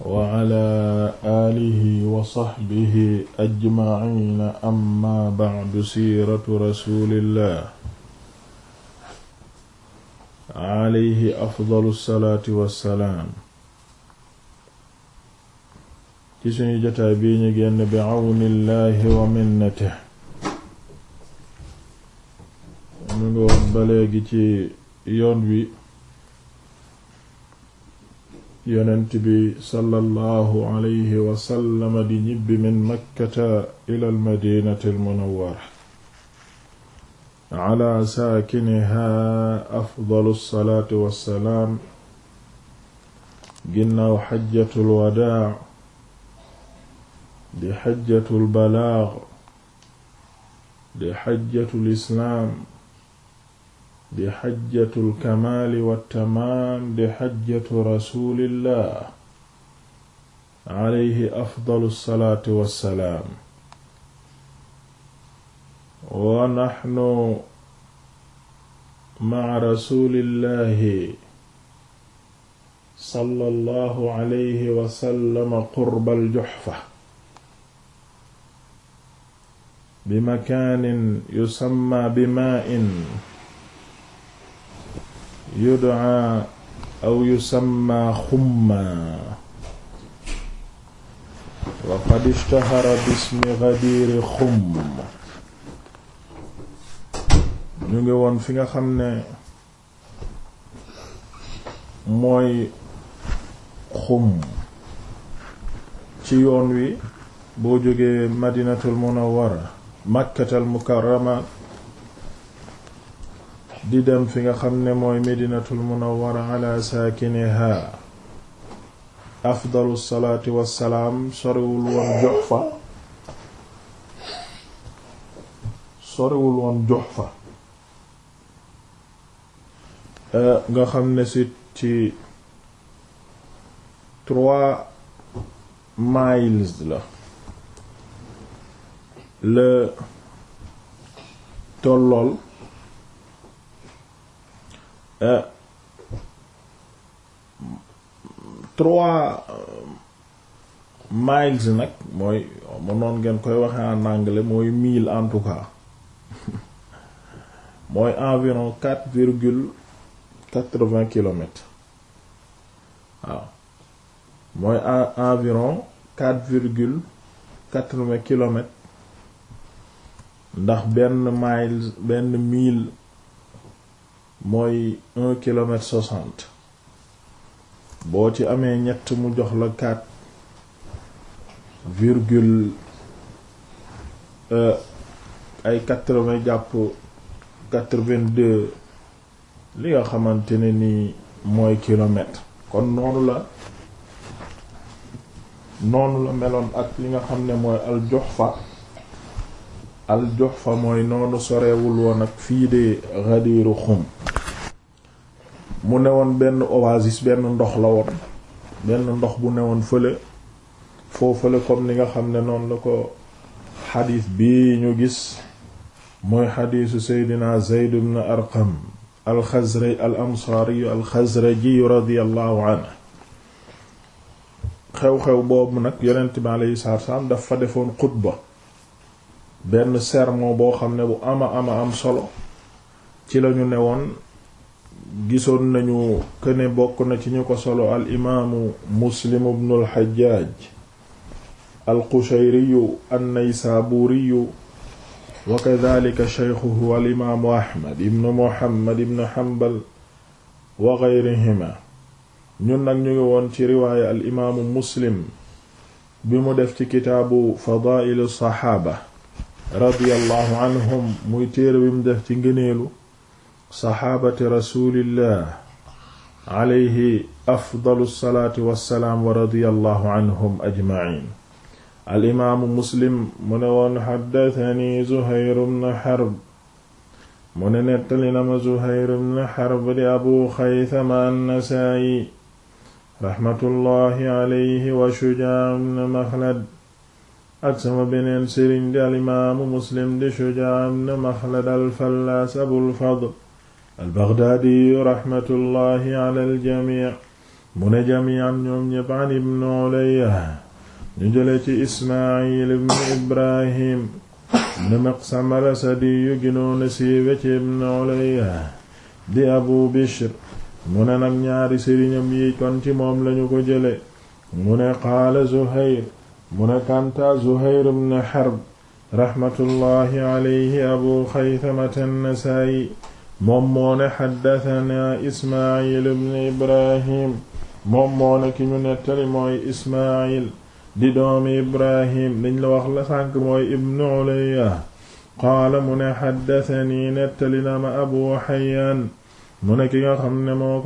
wa ala aalihi wa saxbihi ajmaciina amma bacdu siiratu rasuulillah alayhi afdalu salaati wa salaam. ci suñu jotaay bii ñu génn bi cawnillahi wa minnatihi. ñu ngi woon ba léegi ci yoon wi. yonent bi sallallahu alayhi wasallama di ñibbi min makkata ila almadinati almunawwara ala saakiniha afdalu alsalaati wassalaam ginnaaw xajjatu alwadaa di xajjatu albalaag di xajjatu alislaam di xajjatul kamaali wa tamaam di xajjatu rasulillah alayhi afdalu salaatu wa salaam. wa naxnu maca rasulillahi sallallahu alayhi wa sallam qurbal juxfa. bi makaanin yusammaa bi maa'in. yudaa aw yusamma xumma wa bismi ghadiri xumm ñu ngi woon fi nga xam ne mooy xum ci yoon wi boo jógee madinatul munawwara makkatal mukarrama di dem fi nga xam ne mooy medinatul munawwara ala saakiniha afdalu salaati wassalaam soriwul woon woon jox fa eh, nga xam ne si ci trois miles la la tollool trois euh, miles nag mooy ma noon ngeen koy waxee en anglais mooy mille en tout cas mooy environ quatre virgule quatre-vingts kilomètres waaw mooy environ quatre virgule quatre-vingts kilomètres ndax benn miles benn mille mooy un kilomètre soixante boo ci amee ñett mu jox la quatre virgule euh, ay quatre-vingts jàpp quatre-vingt-deux li nga xamante ne ni mooy kilomètre kon noonu la noonu la meloon ak li nga xam ne mooy al Juhfa al Juhfa mooy noonu sorewul woon ak fii de Ghadir Khoum mu ne woon benn oasis benn ndox la woon benn ndox bu newoon fële foo fële comme ni nga xam ne noonu la ko xadiis bi ñu gis mooy xadiisu seydina zeyd ibn arqam alxazraj al ansaari alxazraji radiallahu anhu xew-xew boobu nag yonent bi alayhi salaatu salaam dafa defoon xutba benn sermon boo xam ne bu ama ama am solo ci lañu woon gisoon nañu ne bokk na ci ñu ko solo al imaamu muslim ibnu al xajjaaj al qushayriyu an naysaabuuriyu wa kadhalika shaykhuhu al imaamu ahmad ibnu muhammad ibnu hanbal wa gayrihima ñun nag ñu ngi woon ci riwaaya al imaamu muslim bi mu def ci kitaabu fadaailu saxaaba radiyallahu anhum muy téere bi mu def ci ngëneelu saxaabati rasulillah alayhi afdalu salaatu wassalaam wa radiyallahu anhum ajmaciin alimaamu muslim mu ne woon xaddatani zuhair bnu xarb mu ne nettali na ma zuhair bnu xarb di abu xaysama annasaayi raxmatullahi alayhi wa shujaa bnu maxlad ak sama beneen sëriñ di alimaamu muslim di shujaa bnu maxlad alfallaas abulfadl al-Baghdaadi raxmatullahi ala al-jamii mu ne jamiican ñoom ñépp an ibn Ulayya ñu jële ci Ismaayil ibn Ibrahim ibn Maqsam al-Asadi yu ginoona siiwe ci ibn di Abu Bishr mu ne nag yi kon ci moom lañu ko jële mu ne Zuhayr mu kanta Zuhayr ibn Harb raxmatullahi alayhi Abu Xaytamata an-Nasaa'i moom moo ne xaddatanaa ismail ibrahim moom ki ñu nettali mooy ismail di doomi ibrahim liñ la wax la sànk mooy ibnu ulayya qaala mu ne xaddatanii nettali na ma abu xayaan mu ne ki nga xam ne moo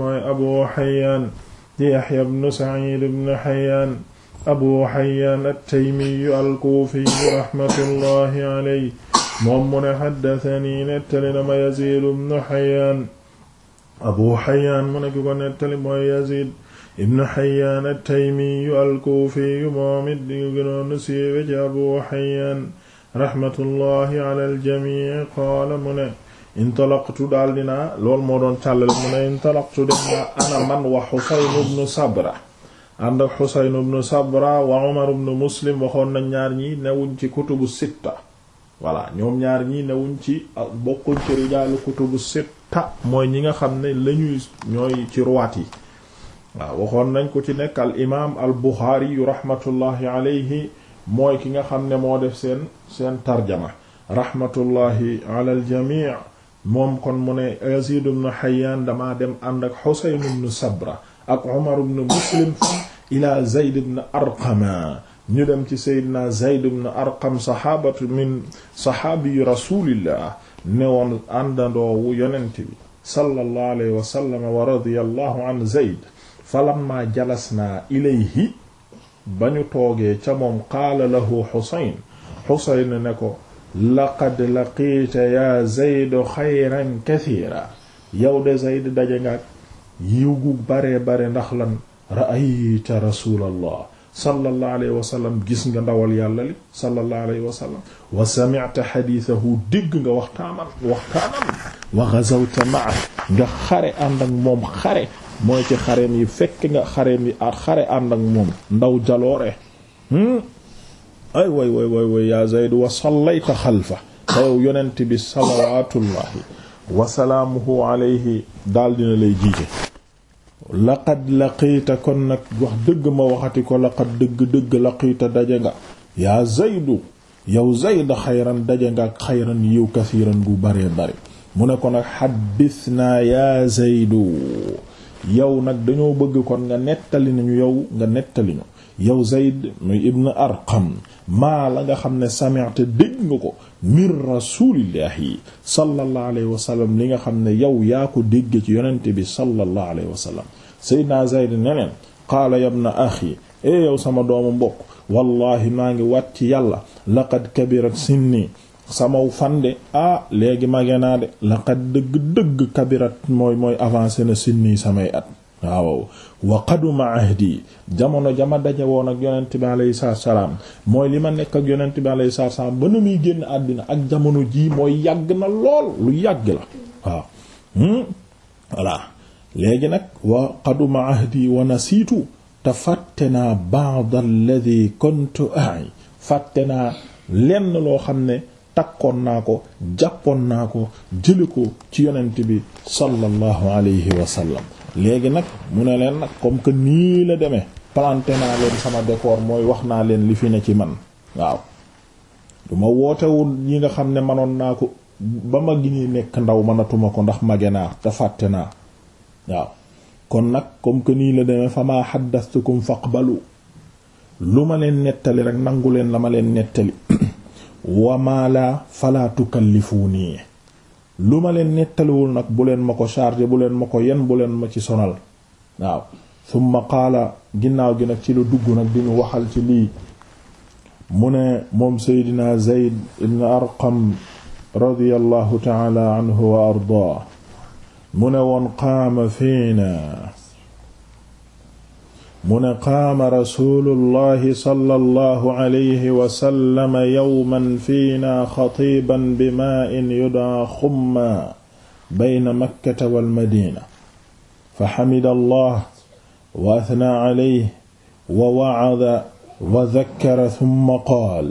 mooy abu xayaan di yaxya ibnu sacid ibnu xayaan abu xayaan attaymiyu alkuufiyu raxmatullahi aley moom mu ne xaddatani nettali na ma Yaziid ibnu Xayyaan Abu Xayyaan mu ne ki ko Abu Xayyaan raxmatullahi ala jamii qaala mu ne intalaqtu daal dinaa moo doon càllal mu ana man wa Xusayn ibnu Sabra ànd ak Xusayn ibnu Sabra wa Umar ibnu Muslim waxoon na ñaar ñi newuñ ci kutubu sitta voilà ñoom ñaar ñii newuñ ci bokkuñ ci rijaalu kutubu sitta mooy ñi nga xam ne lañuy ñooy ci ruwaat yi waaw waxoon nañ ko ci nekk al imaam al buxaari yu rahmatullahi alayhi mooy ki nga xam ne moo def seen seen tarjama rahmatullahi ala al jamii moom kon mu ne Yazid ibn Hayyan damaa dem ànd ak Husayn ibn Sabra ak Umar ibn Muslim ila Zayd ibn Arqama ñu dem ci Seydina Zayd ibn Arqam saxaabatu min saxaabi rasulillah newoon àndandoowu yonent bi sallallahu alayhi wa sallam an Zayd falamma jalasnaa ilayhi ba ñu toogee ca moom qaala lahu ne ko laqad laqiita yaa Zayd xayran kasiira yow de Zayd daje nga bare bare ndax lan ra'ayta rasulallah sallallahu alayhi wa gis nga ndawal yàlla li sallallahu alayhi wa wa sami'ta xadiisahu dégg nga waxtaanam waxtaanam wa ghazawta ma'a nga xare ànd ak moom xare mooy ci xareem yi fekk nga xare ànd ak moom ndaw jaloore hmm? ay way way way yaa Zayd wa sallayta xalfa taw yonent bi salawaatullahi wa salaamuhu alayhi lay jiite laqad laqiita kon nag wax dëgg ma waxati ko laqad dëgg-dëgg laqiita daje nga yaa zaydu yow zayd xayran daje nga ak xayran yiw kasiiran gu baree bare mu ne ko nag xaddis naa yaa zaydu yow nag dañoo bëgg kon nga nettali nañu yow nga nettali ñu yow zayd muy ibn arqam maa la nga xam ne sami'ta dégg nga ko min rasulillahi sallallahu alayhi wa li nga xam ne yow yaa ko dégg ci yonent bi sallallahu alayhi Seydina Zayd ne leen qaala yabna axi e yow sama doomu mbokk wallahi maa ngi wat ci yàlla laqad kabirat sinni samaw fande ah léegi mage naa de laqad dëgg-dëgg kabirat mooy mooy avancé na sinni samay at waaw wa qaduma ahdi jamono jama daje woon ak yonent bi alayhi salaam mooy li ma nekk ak yonent bi alayhi salaam ba nu muy génn àddina ak jamono jii mooy yàgg na lool lu yàgg la waaw hmm? voilà léegi nag wa qaduma ahdi wana nasiitu te fàtte naa ba'd alladhi kuntu a'i fàtte naa lenn loo xam ne takkoon naa ko jàppoon naa ko jële ko ci yonent bi sallallahu alayhi wa sallam léegi nag mu ne leen nag comme que nii la demee planté naa leen sama décor mooy wax naa leen li fi ne ci man waaw du ma wootewul yi nga xam ne manoon naa ko ba ma gi nekk ndaw mënatuma ko ndax mage naa te fàtte naa waaw kon nag comme que nii la demee famaa xaddastukum faqbalu lu ma leen nettali rek nangu leen la ma leen nettali wamaa la falaa tukallifuunii lu ma leen nettaliwul nag bu leen ma ko chargé bu leen ma ko yen bu leen ma ci sonal waaw summa qaala ginnaaw gi nag ci lu dugg nag bi ñu waxal ci lii mu ne moom seydina zeyd ibn arqam radiyallahu taala anhu wa ardaa mu ne woon qaama fiina mu ne qaama rasulullahi sallallahu alayhi wasallam yowman fiina xatiban bi maa in yudaa xumma bayna makkata walmadina fa xamida allah wa athnaa alayhi wa wacada wa dakkara summa qaal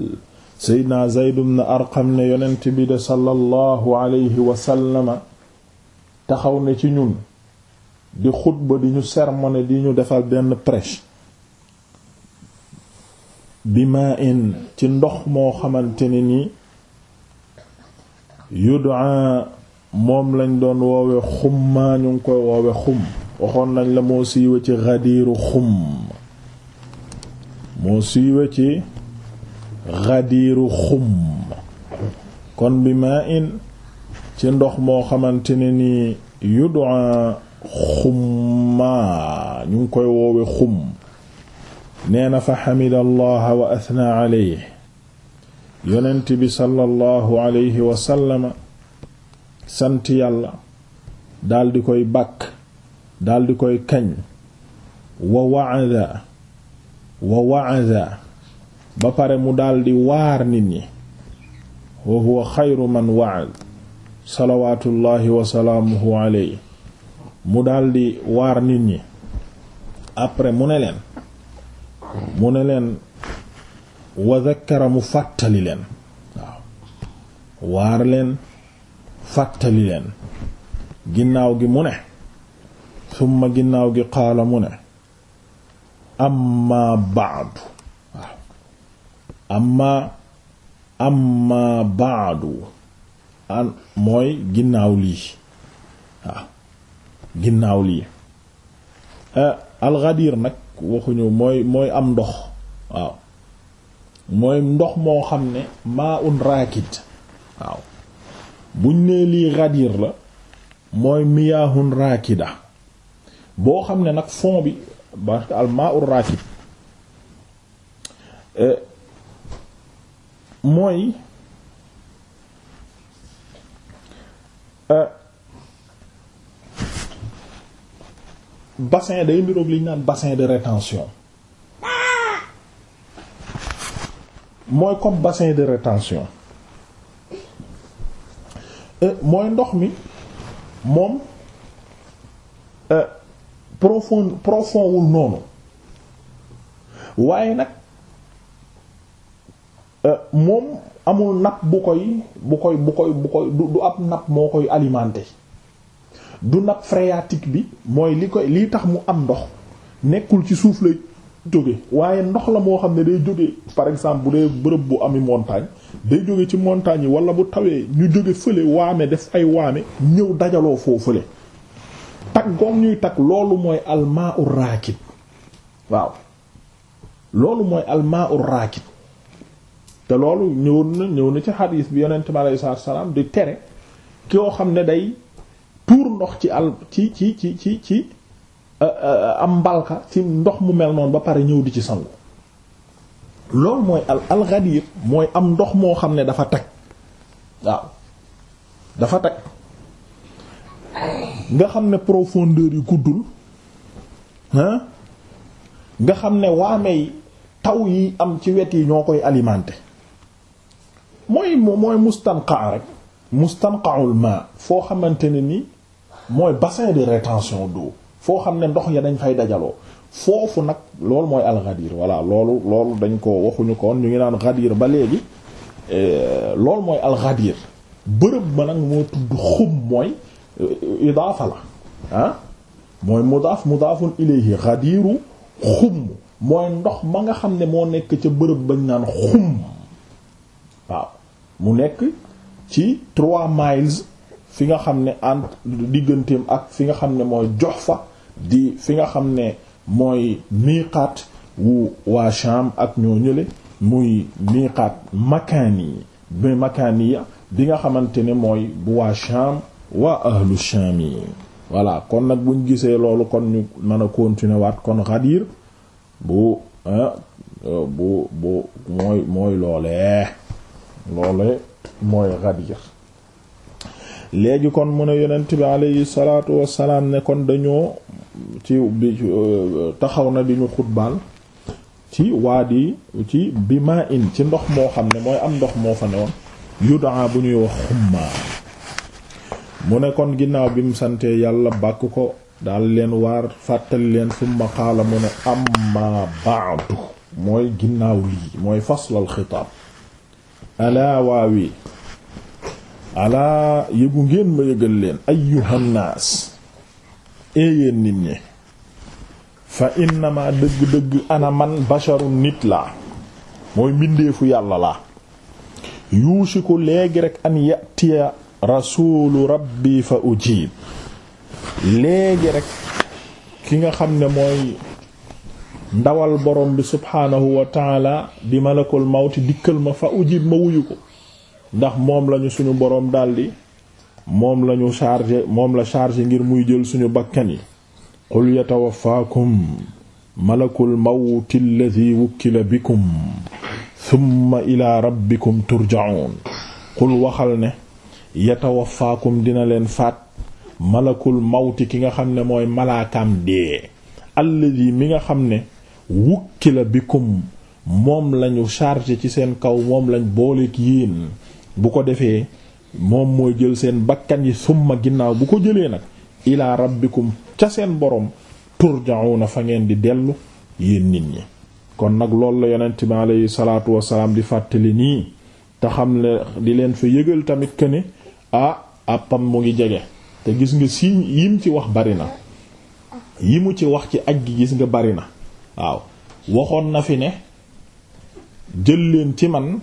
seydna zayd bnu arqam ne yonent bi de sallallahu alayhi wasallama taxaw na ci ñun di xutba di ñu sermone di ñu defal benn prêche bi ma in ci ndox moo xamante ne ni yudaa moom lañ doon woowe xummaa ñu ngi koy woowe xum waxoon nañ la moo siiwe ci xadiiru xum moo siiwe ci xadiiru xum kon bi in ci ndox moo xamante ne ni yudu'a xumma ñu ngi koy woowe xum nee na fa xamida allaha wa athna alayhi yonent bi sallallahu alayhi wa sant yàlla daldi koy bàkk daldi koy kañ wa wa'ada wa wa'ada ba pare mu daldi waar nit ñi wa huwa xayru man wa'ada salawaatullahi wasalaamuhu alayhi mu daldi waar nit ñi après mu ne leen mu ne leen wa zakkara mu fàttali leen waaw waar leen fàttali leen ginnaaw gi mu ne summa ginnaaw gi qaala mu ne amma baadu waaw amma amma baadu an mooy ginnaaw lii waaw ginnaaw lii euh, alxadir nag waxuñu mooy mooy am ndox waaw mooy ndox moo xam ne maa un raakid waaw buñ nee lii xadir la mooy miyaahun raakida boo xam ne nag fond bi parce al maa un raakid euh, mooy Euh, bassin day niroog liñ naan bassin de rétention mooy comme bassin de rétention euh, mooy ndox mi moom euh, profond profond wul noonu waaye nag moom amul napp bu koy bu koy bu koy bu koy du ab napp moo koy alimenté du nappe phréatique bi mooy li koy lii tax mu am ndox nekkul ci suuf lay jóge waaye ndox la moo xam ne day jóge par exemple bu dee bërëb bu ami montagne day jóge ci montagne yi wala bu tawee ñu jóge fële waame def ay waame ñëw dajaloo foo fële tag goom ñuy tag loolu mooy almaa ur raakid waaw loolu mooy almaa ur raakid te loolu ñëwoon na ñëw na ci xadiis bi yonent bi aleyhi salaatu salaam di tere koo xam ne day tuur ndox ci al ci ci ci ci ci euh, euh, am mbalka ci ndox mu mel noonu ba pare ñëw di ci sangu loolu mooy al alxadir mooy am ndox moo xam ne dafa tag waaw dafa tag nga xam ne profondeur yu guddul nga xam ne waame yi taw yi am ci wet yi ñoo koy alimenté mooy mooy mustanqa rek mustanqaul ma foo xamante ne ni mooy bassin de rétention d'eau foo xam ne ndox ya dañ fay dajaloo foofu nag loolu mooy alxadir voilà loolu loolu dañ ko waxuñu ko woon ñu ngi naan xadiir ba léegi eh, loolu mooy alxadir bërëb ma nag moo tudd xum mooy eh, idaafa la ah? mooy mudaaf mudaafun ilayhi xadiru xum mooy ndox ma nga xam ne moo nekk ca bërëb bañ naan xum waaw mu nekk ci trois miles fi nga xam ne entre digganteem ak fi nga xam ne mooy jox fa di fi nga xam ne mooy miiqaat wu waa Sham ak ñoo ñële muy miiqaat makaani bi makaaniya bi nga xamante ne mooy bu waa Sham waa ahlu Sham yi voilà kon nag buñ gisee loolu kon ñu mën a continuer waat kon Ghadir bu bu bu mooy mooy loolee loole mooy Ghadir léegi kon mu ne yonent bi alayhi salaatu wassalaam ne kon dañoo ci bi euh, taxaw na di ñu xutbaal ci waadi ci bima in ci ndox moo xam ne mooy am ndox moo fa ne woon yudaa bu ñuy wax xumma mu ne kon ginnaaw bi mu santee yàlla bàkk ko daal leen waar fàttali leen summa qaala mu ne amma ba'du mooy ginnaaw lii mooy faslal xitaab alaa waawi alaa yëgu ngeen ma yëgal leen ayyuhannaas eeyeen nit ñi fa innama dëgg-dëgg ana man basharun nit la mooy mbindeefu yàlla la yuusiku léegi rek an yatiya rasuulu rabbi fa ujiib léegi rek ki nga xam ne mooy ndawal borom bi subhaanahu wa taala di malakul mawti dikkal ma fa ujib ma wuyu ko ndax moom lañu suñu borom daldi moom lañu chargé moom la chargé ngir muy jël suñu bakkan yi qul yatawaffaakum malakul mawti alladhi wukkila bikum thumma ila rabbikum waxal ne yatawaffaakum dina leen faat malakul mawti ki nga xam ne mooy malaakaam dee mi nga xam ne wukki la bikum moom lañu chargé ci seen kaw moom lañ booleeg yéen bu ko defee moom mooy jël seen bakkan yi summa ginnaaw bu ko jëlee nag ilaa rabbikum ca seen borom na fa ngeen di dellu yéen nit ñi kon nag loolu la yonent bi aleyhi salaatu wasalaam di fàttali nii te xam ne di leen fi yëgal tamit que ne ah àppam mu ngi jege te gis nga si yim ci wax bari na yi mu ci wax ci aj gi gis nga bari na waaw waxoon na fi ne jël leen ci man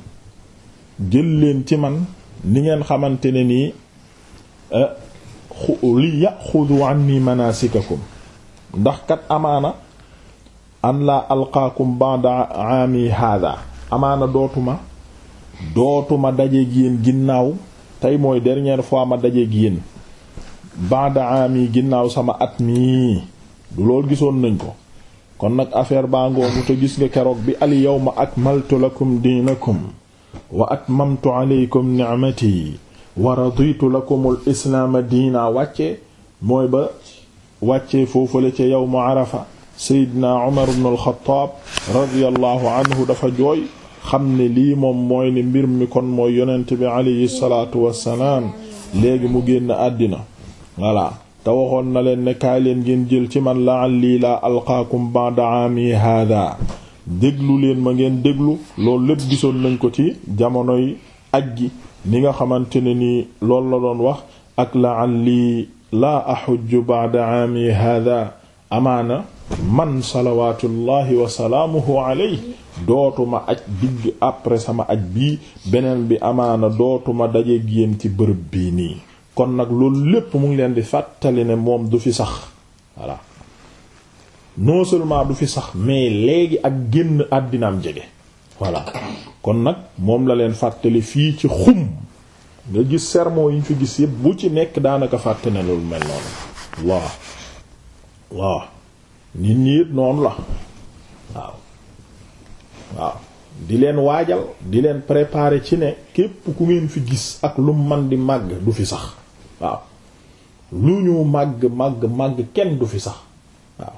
jël leen ci man ni ngeen xamante ne nii eh, li yaxudu anni manasikakum ndax kat amaana an laa alqaakum ba'da aami hada amaana dootuma dootuma daje yéen ginnaaw tey mooy dernière fois ma daje yéen baada aami ginnaaw sama at mii du lool gisoon nañ ko kon nag affaire baa ngoogu te gis nga keroog bi al yawma akmaltu lakum diinakum wa atmamtu aleykum ni'mati wa raditu lakumul islaama diina wàcce mooy ba wàcce foofale ci yawmu arafa seydina umar ibn al-Xattaab anhu dafa jooy xam ne lii moom mooy ni mbir kon mooy yonent bi alayhi salaatu wassalaam léegi mu génn àddina voilà te waxoon na leen ne leen ngeen jël ci man la an lii laa alqaakum ba'da aami haadaa déglu leen ma ngeen déglu loolu lépp gisoon nañ ko ci jamonoy aj gi ni nga xamante ne ni loolu la doon wax ak la an lii laa axujju ba'da aami haadaa amaana man salawaatullahi wa salaamuhu alayhi dootuma aj digg après sama aj bii beneen bi amaana dootuma daje yéen ci bërëb bii nii kon nag loolu lépp mu ngi leen di fàttali ne moom du fi sax voilà non seulement du fi sax mais léegi ak génn àddinaam jege voilà kon nag moom la leen fàttali fii ci xum nga gis sermon yi ñu fi gis yëpp bu ci nekk daanaka fàtte ne loolu mel noonu ñi it noonu la waaw waaw di leen waajal di leen préparer ci ne képp ku ngeen fi gis ak lu man di màgg du fi sax waaw lu ñu màgg màgg màgg kenn du fi sax waaw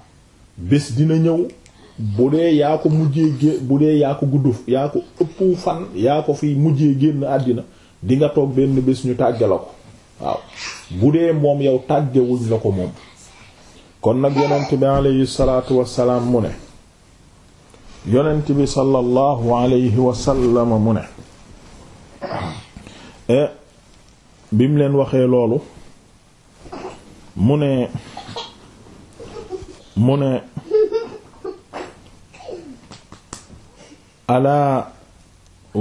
bés dina ñëw bu dee yaa ko mujjee gé bu dee yaa ko gudd yaa ko ëpp fan yaa ko fi mujjee génn àddina di toog benn bés ñu tàgge la ko waaw bu dee moom yow tàggewuñ la ko moom kon nag yonent bi aleyhi salaatu wassalaam mu ne yonent bi sallallahu alayhi wa sallam mu ne eh, bi mu leen waxee loolu mu ne mu ne alaa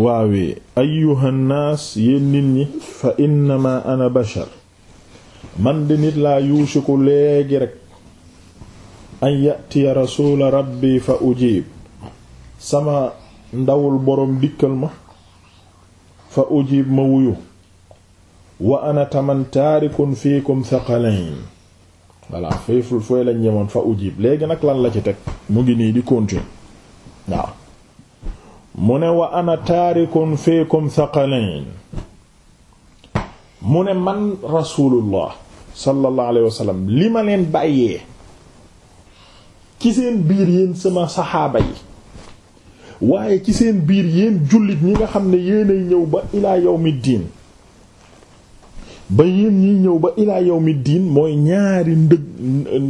waawee ayyuha nnaas yéen nit ñi fa innama ana bashar man di nit laa yuusiku léegi rek an yatiya rasuula rabbi fa ujib sama ndawul boroom dikkal ma fa ujib ma wuyu wa ana taman taarikun fiikum thaqalayn voilà fayful fooy lañ ñemoon fa ujib léegi nag lan la ci teg mu ngi nii di continuer waaw mu ne wa ana taarikun fiikum thaqalayn mu ne man rasulullah sallallahu alayhi wa sallam li ma leen bàyyee ci seen biir yéen sama saxaaba yi waaye ci seen biir yéen jullit ñi nga xam ne yéenay ñëw ba ilaa yawmid ba yéen ñiy ñëw ba ilaa mi diin mooy ñaari ndëg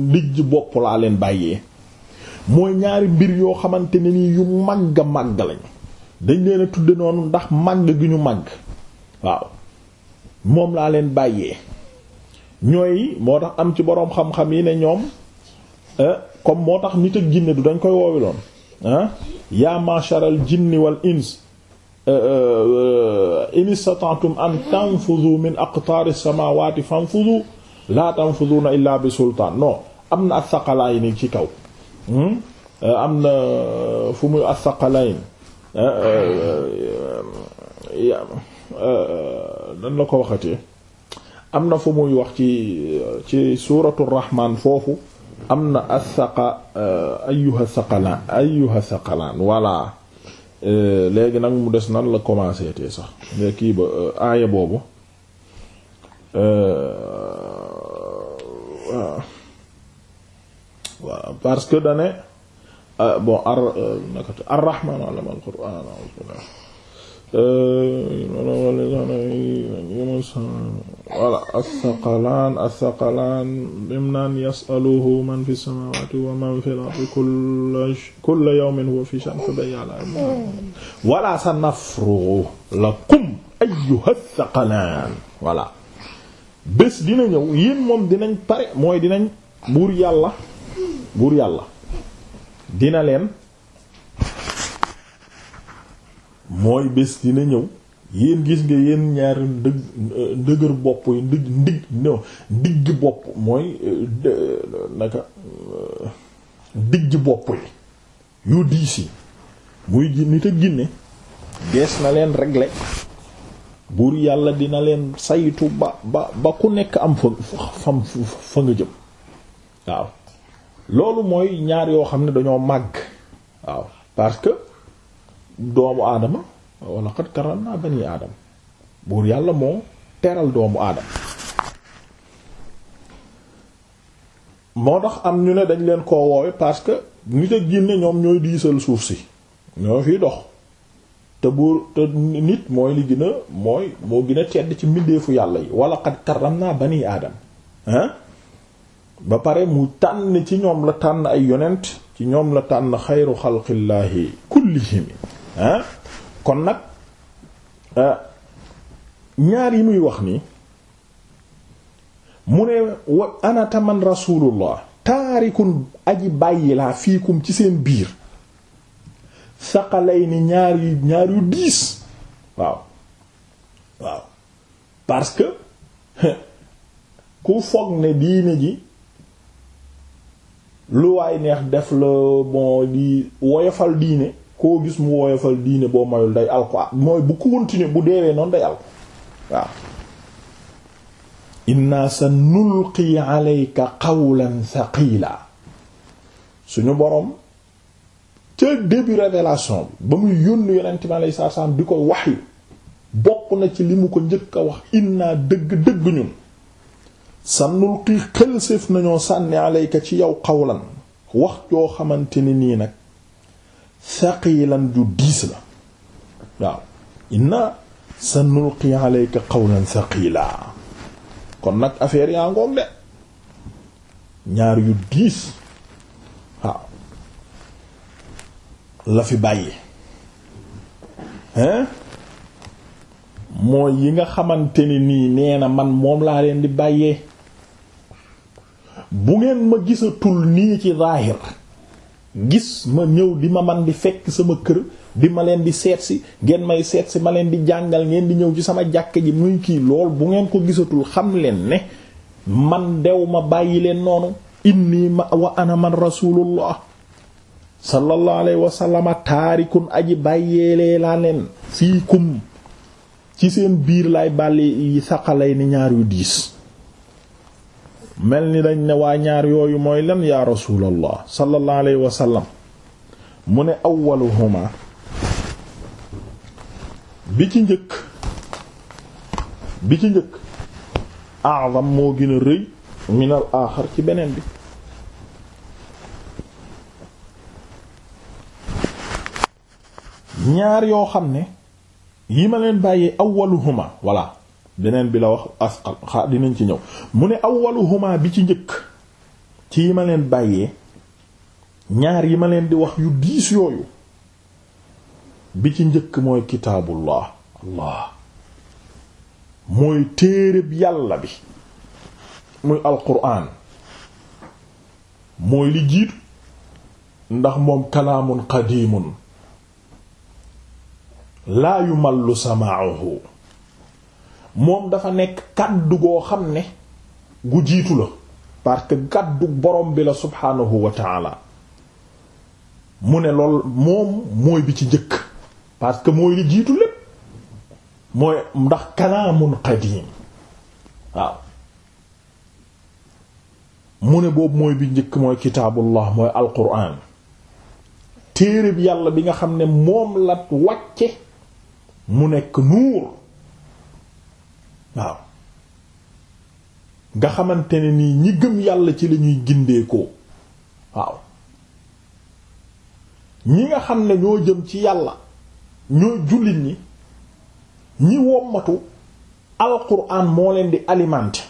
ndijj bopp laa leen bàyyee mooy ñaari mbir yoo xamante ne nii yu màgg a màgg dañ leen a tudde noonu ndax màgg gi ñu màgg waaw moom laa leen bàyyee ñooy moo tax am ci boroom xam-xam yi ne ñoom eh, comme moo tax nit ak jinne du dañ koy woowi loon ah yaa masharal jinni wal Euh, euh, euh, in istata'tum an tanfudu min aqtaari samawati fanfudu la tanfuduna illa bi sultaan non am na athaqalayn ci kaw hmm? am na fu muy athaqalayn nan la ko waxatee am na fu muy wax ci ci suuratu rahmaan foofu am na athaqa ayyuha thaqalaan ayyuha thaqalaan wala Euh, léegi nag mu des nan la commencé tee sax nga kii ba euh, aaya boobu euh, waaw parce que dane bon ar nakatu ar rahman al qur'an wala as-saqalaan as-saqalaan im naan yasaluhu man fi samawati wa man fi al-ardi kulla kulla yawmin huwa fi sha'n wala sanafrughu lakum ayyuha as-saqalaan bés dina ñëw yéen moom dinañ pare mooy dinañ buur yàlla buur yàlla dina leen mooy bés dina ñëw yéen gis nga yéen ñaar dëg euh, dëgër bopp yi ndig ndig bopp mooy euh, naka euh, digg bopp yi yu diis yi muy nit a ginne dees na leen régler buur yàlla dina leen saytu ba ba ba ku nekk am fa fa nga jëm waaw loolu mooy ñaar yoo xam ne dañoo màgg waaw parce que doomu aadama wala qad karramna bani aadam buur yàlla moo teral doomu aadam moo tax am ñu ne dañ leen koo woowe parce que nit ak jinne ñoom ñooy diisal suuf si ñoo fiy dox te buur te nit mooy li gën mooy moo gën tedd ci mbindeefu yàlla yi wala qad karramna bani aadam hein ba pare mu tànn ci ñoom la tànn ay yonent ci ñoom la tànn xayru xalqillaahi kullihim hein kon nag euh, ñaar yi muy wax ni mu ne wa ana rasulullah taarikun aji bàyyi laa fiikum ci seen biir saqalay ni ñaar yu ñaar yu diis waaw waaw parce que ku foog ne diine ji lu waay neex def la bon di woyofal diine koo gis mu woyofal diine boo mayul day al quoi mooy bu continuer bu deewee noonu day al waaw inna sa nulqi alayka qawlan thaqila suñu boroom ca début révélation bi ba muy yónn yonent mi alayhi salaam di ko wax yu bokk na ci li mu ko njëkk a wax inna dëgg-dëgg ñun sa nulqi xëlséef nañoo sànni alayka ci yow qawlan wax joo xamante ni nii nag saqilan ju diis la waaw inna sa nulqi alayka qawlan saqila kon nag affaire yaa ngoom de ñaar yu diis waaw la fi bàyyi hein mooy yi nga xamante ni nii nee man moom laa leen di bàyyee bu ngeen ma gisatul nii ci zaahir gis ma ñëw di ma man di fekk sama kër di ma leen di seet si ngeen may seet si ma leen di jàngal ngeen di ñëw ci sama jàkk ji muy kii lool bu ngeen ko gisatul xam leen ne man dew ma bàyyi leen noonu inni ma wa ana man rasulullah sallallahu alayhi wa sallama taarikun aji bàyyeelee laa leen fii kum ci seen biir lay bàlli yi saqalay ni ñaar yu diis mel ni dañ ne waa ñaar yooyu mooy lan yaa rasuulallah sallallahu alayhi wa sallam mu ne awwaluhuma bi ci njëkk bi ci njëkk a'zam moo gën a rëy minal aaxar ci beneen bi ñaar yoo xam ne yi ma leen bàyyee awwaluhuma voilà beneen bi la wax asqal xa dinañ ci ñëw mu ne awwaluhuma bi ci njëkk ci yi ma leen bàyyee ñaar yi ma leen di wax yu diis yooyu bi ci njëkk mooy kitaabullah allah mooy téereb yàlla bi muy alquran mooy li jiitu ndax moom kalaamun qadimun laa lu samaahu moom dafa nekk kàddu goo xam ne gu jiitu la parce que kàddu borom bi la subhaanahu wa taala mu ne lool moom mooy bi ci njëkk parce que mooy li jiitu lépp mooy ndax kalaamun qadiim waaw mu ne boobu mooy bi njëkk mooy kitaabullah mooy alquran téereb yàlla bi nga xam ne moom la wàcce mu nekk nuur waaw nga xamante ne nii ñi gëm yàlla ci lañuy gindeekoo waaw ñi nga xam ne ñoo jëm ci yàlla ñoo jullit ñi ñi wommatu alquran moo leen di alimenter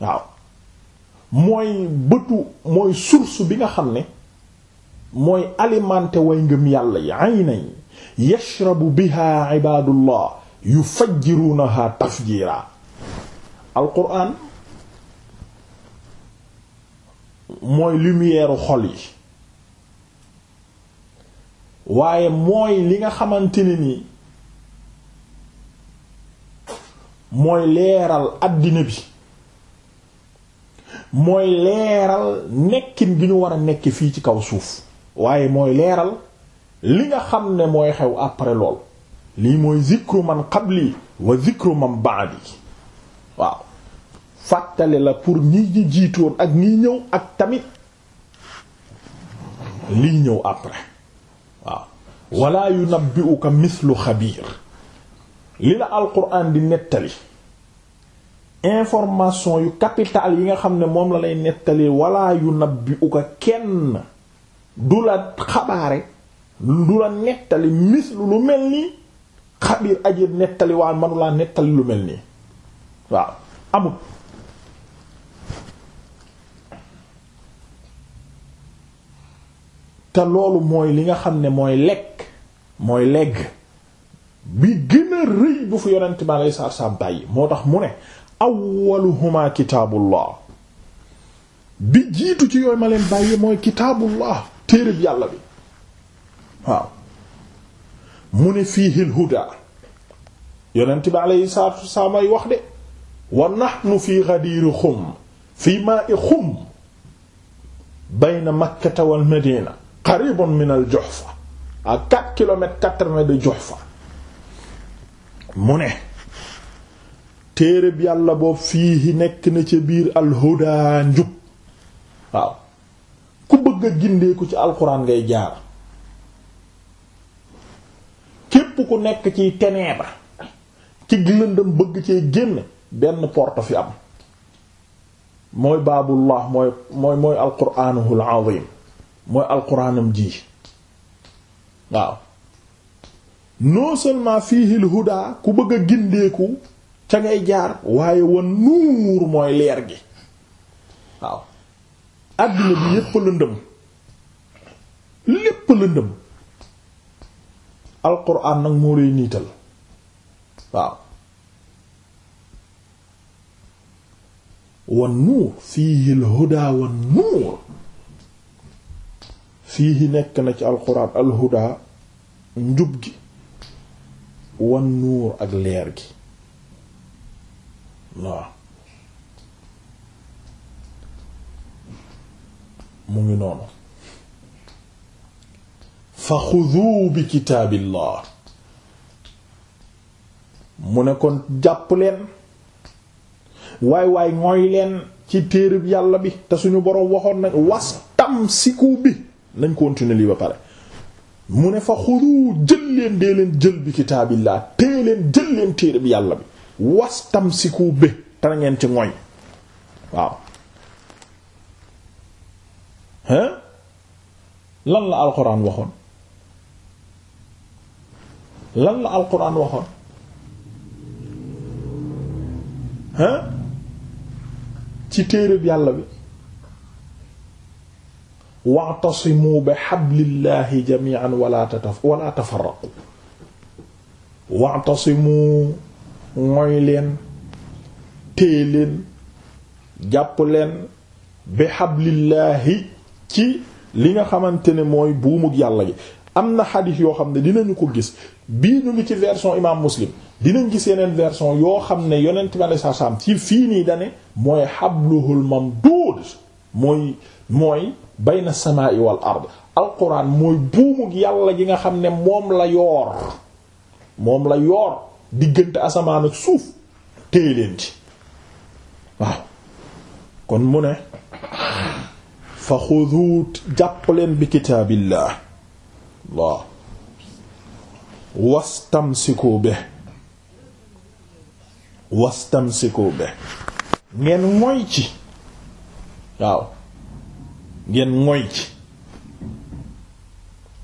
waaw mooy bëtu mooy source bi nga xam ne mooy alimenter way ngëm yàlla yi aynan yashrabu biha ibadullah yu fajjiruunaha tafjiraa alquran mooy lumière xol yi waaye mooy li nga xamante ne ni mooy leeral àddina bi mooy leeral nekkin gi ñu war a nekk fii ci kaw suuf waaye mooy leeral li nga xam ne mooy xew après lool lii mooy zikru man qabli wa waaw fàttale la pour ñi ñi jiitoon ak ñi ñëw ak tamit lii ñëw après waaw wala yunabbi'uka mislu xabiir li la alquran di nettali information yu capital yi nga xam ne moom la lay nettali wala yunabbi'uka kenn du la xabaare du la nettali mislu lu mel nii xabiir aji nettali waa manulaa nettali lu mel nii waaw amul te loolu mooy li nga xam ne mooy lekk mooy legg bi gën a rëy bu fi yonent bi aleyhi salaatu salaam bàyyi moo tax mu ne awwaluhuma kitaabullah bi jiitu ci yooyu ma leen bàyyi mooy kitaabullah téereb yàlla bi waaw mu ne fiihil huda yonent bi alayhi salaatu ay wax de wa nahnu fi ghadiri xum fi ma'i xum bayna makkata wal madina qaribun min al juhfa à 4 kilomètres 80 de juhfa mu ne téereb yàlla boobu fii nekk na ci biir alhuda njub waaw ku bëgg a gindeeku ci alxuraan ngay jaar képp ku nekk ci ténèbre ci lëndëm bëgg cee génn benn porte fi am mooy baabullah mooy mooy mooy alquraanul azim mooy alquraanam ji waaw non seulement fiihil huda ku bëgg a gindeeku ca ngay jaar waaye wan nuur mooy leer gi waaw àddina bi yépp lëndëm lépp lëndëm alquran nag moo lay niital waaw wan nuur fiihi alhuda wan nuur fiihi nekk na ci alquran alhuda njub gi wan nuur ak leer gi waaw mu ngi noonu fa xuduu bi kitaabillah mu ne kon jàpp leen waay waay mooy leen ci téereb yàlla bi te suñu boroom waxoon nañ wastamsiku bi nañ continuer lii ba pare mu ne fa xudu jël leen dee leen jël bi kitaabillah tée leen jël leen téereb yàlla bi wastamsiku bi te na ngeen ci mooy waaw hein lan la alxuraan waxoon lan la alquran waxoon hein ci téeréb yàlla bi wa'tasimu bi hablillahi jami'an wala tataf wala tafarraqu wa'tasimu mooy leen téye leen jàpp leen bi hablillahi ci li nga xamante ne mooy buumug yàlla gi am na xadis yoo xam ne dinañu ko gis bii ñu ngi ci version imam muslim dinañ gis yeneen version yoo xam ne yonent bi alayhi salaam ci fii nii dane mooy xabluhul mamduud mooy mooy bayna samaa'i wal ard alquran mooy buumug yàlla gi nga xam ne moom la yoor moom la yoor diggante asamaanu suuf téye leen ci waaw kon mu ne fa xuduut jàpp leen bi kitaabillah waaw wastamsiku be wastamsiku be ngeen moy ci waaw ngeen moy ci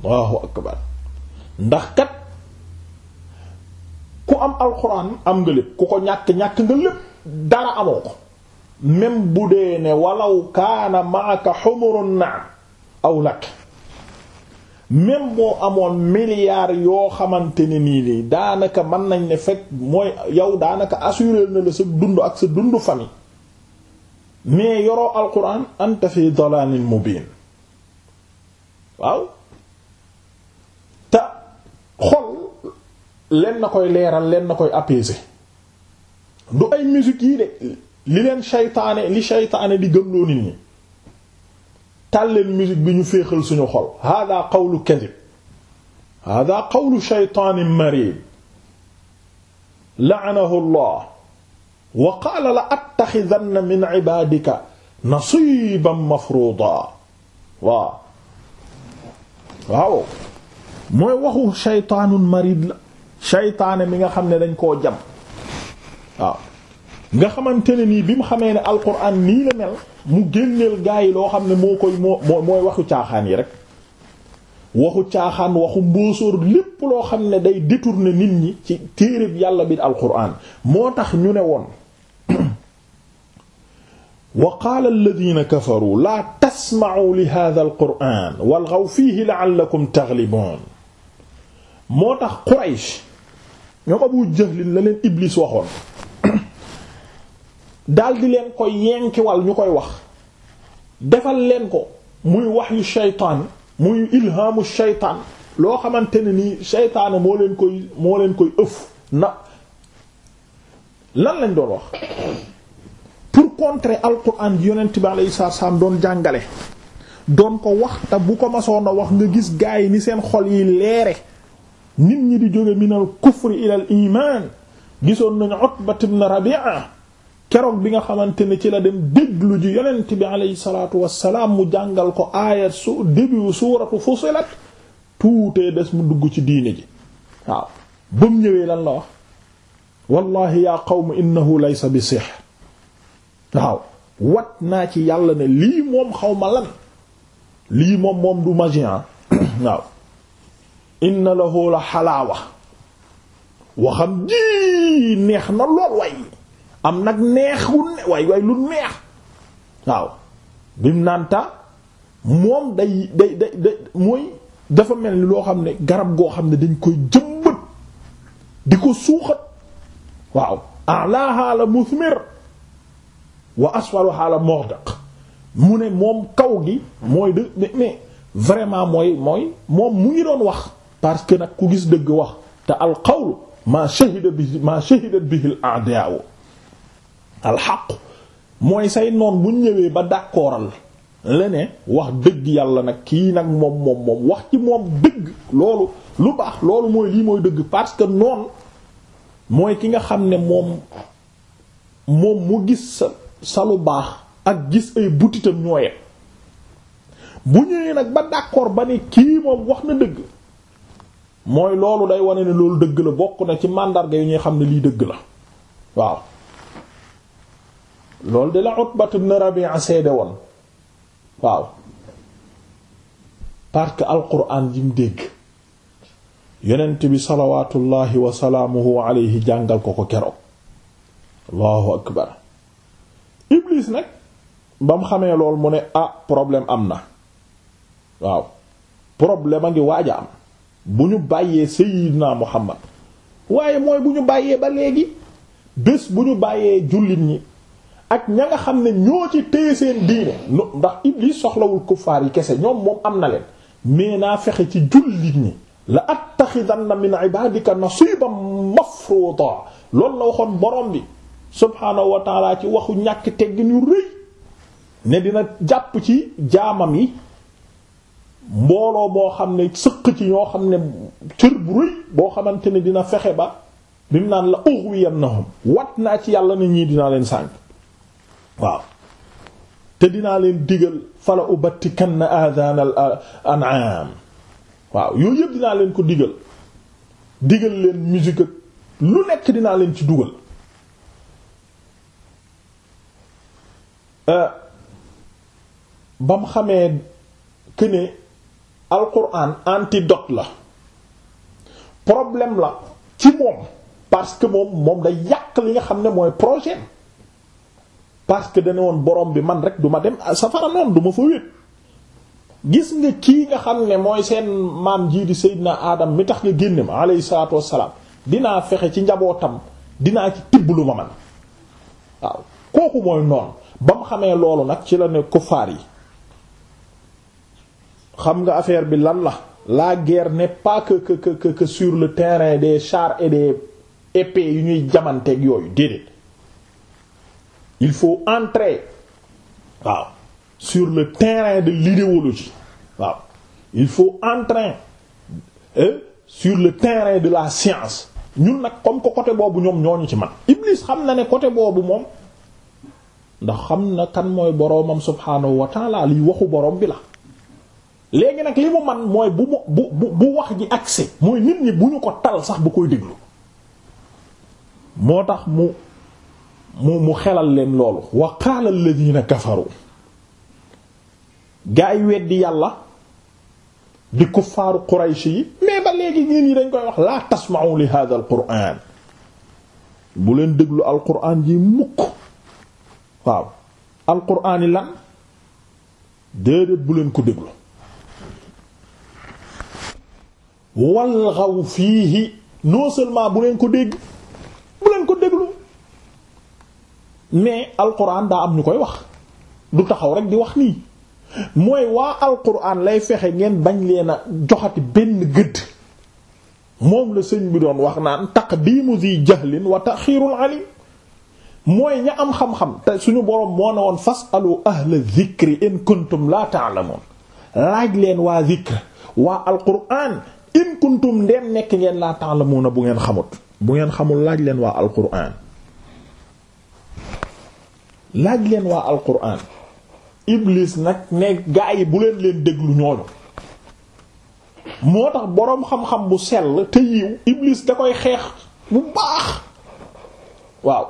Allahu akbar ndax kat ku am alxuraan am nga lépp ku ko ñàkk ñàkk nga lépp dara amoo ko même bu dee ne walaw kaana maaka xumurun na'am aw lak même boo amoon milliards yoo xamante ne nii nii daanaka mën nañ ne fekk mooy yow daanaka assuré na la sa dund ak sa dundu famille mais yoroo alquran anta ni mu mubin waaw te xol leen na koy leeral leen na koy apaiser du ay musique yii de li leen seytaane li seytaane di gëmloo nit ñi tàl leen musique bi ñu féexal suñu xol hada qawlu kadib hada qawlu shaytaanin marid la'anahu allah wa qaala la attaxidanna min ibadika nasiban mafruda waaw waaw mooy waxu shaytaanun marid la shaytaane mi nga xam ne dañ koo jam waaw nga xamante ne nii bi mu xamee ne alquran nii la mel mu génneel gaa yi loo xam ne moo koy moo mooy waxu caaxaan yi rek waxu caaxaan waxu mbóosóor lépp loo xam ne day détourner nit ñi ci téereb yàlla bi alquran moo tax ñu ne woon wa qaala alladina kafaru laa tasma'u li hadha alquran walghaw fihi la'allakum taghlibun moo tax Quraysh ñoom Abu Jahl la leen Iblis waxoon daal di leen koy yenkiwal ñu koy wax defal leen ko muy wax yu shaytaan muy ilhaamu shaytaan loo xamante ne nii shaytaanu moo leen koy moo leen koy ëf na lan lañ doon wax pour contrer alquran yonent bi alayhi salaam doon jàngale doon ko wax te bu ko masoon a wax nga gis gaa yi ni seen xol yi leere nit ñi di jóge minal kufri ilal iman gisoon nañu Utbat ibn Rabi'a keroog bi nga xamante ne ci la dem déglu ji yonent bi alayhi salaatu wassalaam mu jàngal ko aaya su début suuratu Fussilat tuutee des mu dugg ci diine ji waaw ba mu ñëwee lan la wax wallahi yaa qawm innahu laysa bi sihr waaw wat naa ci yàlla ne lii moom xaw ma lan lii moom moom du magien ah. waaw inna lahu la xalaawa waxam ji neex na lool way am nag neex ne waay waay lu neex waaw bim naan moom day day day mooy dafa mel ni loo xam ne garab goo xam ne dañ koy jëmbat di ko suuxat waaw alaha la musmir wa asfaluha la mordaq mu ne moom kaw gi mooy de mais vraiment mooy mooy moom mu ngi doon wax parce que nag ku gis dëgg wax te al qawlu shahida bi ma shahidat bihi en a'da'u alxaqu mooy say noon buñ ñëwee ba d'accordal la ne wax dëgg yàlla nag kii nag moom moom moom wax ci moom dëgg loolu lu baax loolu mooy lii mooy dëgg parce que noon mooy ki nga xam ne moom moom mu gis sa sa lu baax ak gis ay butitam ñooyet bu ñëwee nag ba d'accord ba ne kii moom wax na dëgg mooy loolu day wane ne loolu dëgg la bokk na ci màndarga yu ñuy xam ne lii dëgg la waaw loolu di la Utbat ibn seede woon waaw parce que alquran jim dégg yonent bi salawatullahi wa salaamuhu alayhi jàngal ko ko keroog allahu akbar iblis nag bam xamee lool mu ne ah problème am na waaw problème a ngi waaj am bu ñu bàyyee sayyidina Muhammad waaye mooy bu ñu bàyyee ba léegi bés bu ñu bàyyee jullit ñi ak ña nga xam ne ñoo ci téye seen diine ndax Iblis soxlawul kuffaar yi kese ñoom moom am na leen mais naa fexe ci jullit ñi la attaxidanna min ibadika nasiban mafruuta loolu la waxoon borom bi subhaanahu wa ci waxu ñàkk teggin dina jàpp ci jaamam yi mbooloo boo xam ne sëq ci ñoo xam ne boo xamante ne dina fexe ba bi mu naan la ughwiyannahum wat naa ci yàlla na ñii dinaa leen sànk waaw te dinaa leen digal fala ubattikanna adhanal an'am waaw yooyu yëpp dinaa leen ko digal digal leen musique ak lu nekk dinaa leen ci dugal euh, bam xamee que ne alquran antidote la problème la ci moom parce que moom moom da yàq li nga xam ne mooy projet parce que dana woon borom bi man rek duma ma dem safara noonu du ma fa wéet gis nga kii nga xam ne mooy seen maam jii di Seydina Adam mi tax nga génne ma alayhi salaatu wassalaam dinaa fexe ci njabootam dinaa ci tibb lu ma man waaw kooku mooy noonu ba mu xamee loolu nag ci la ne kuffaar yi xam nga affaire bi lan la la guerre n'est pas que que que sur le terrain des chars et des yu ñuy jamanteeg yooyu déedéet il faut entrer waaw sur le terrain de l'idéologie waaw il faut entrer sur le terrain de la science ñun nag comme que côté boobu ñoom ñooñu ci man Iblis xam na ne côté boobu moom ndax xam na kan mooy boroomam subhaanahu wa taala liy waxu boroom bi la léegi nag li mu man mooy bu bu bu wax ji accès mooy nit ñi bu ñu ko tal sax bu koy déglu moo tax mu mu mu xelal leen loolu wa qaala alladhina kafaru gaa yi weddi yàlla di kuffaaru quraysh yi mais ba léegi ñun yi dañ koy wax laa tasma'u li hadha al qur'an bu leen déglu al qur'an ji mukk waaw al qur'an lan déedéet bu leen ko déglu walghaw fiihi non seulement bu leen ko dégg bu leen ko déglu mais alquran daa am ñu koy wax du taxaw rek di wax nii mooy waa alquran lay fexe ngeen bañ leen a joxati benn gëdd moom la sëñ bi doon wax naan taqdimu zi jahlin wa taxiirul alim mooy ña am xam-xam te suñu boroom moo ne woon fasalu ahla zikri in kuntum la ta'lamun laaj leen waa zikr waa alquran in kuntum ndeen nekk ngeen la ta'lamuna bu ngeen xamut bu ngeen xamul laaj leen waa alquran laaj leen waa alquran iblis nag ne gaa yi bu leen leen déglu ñooñu moo tax boroom xam-xam bu sell te yiw iblis da koy xeex bu baax waaw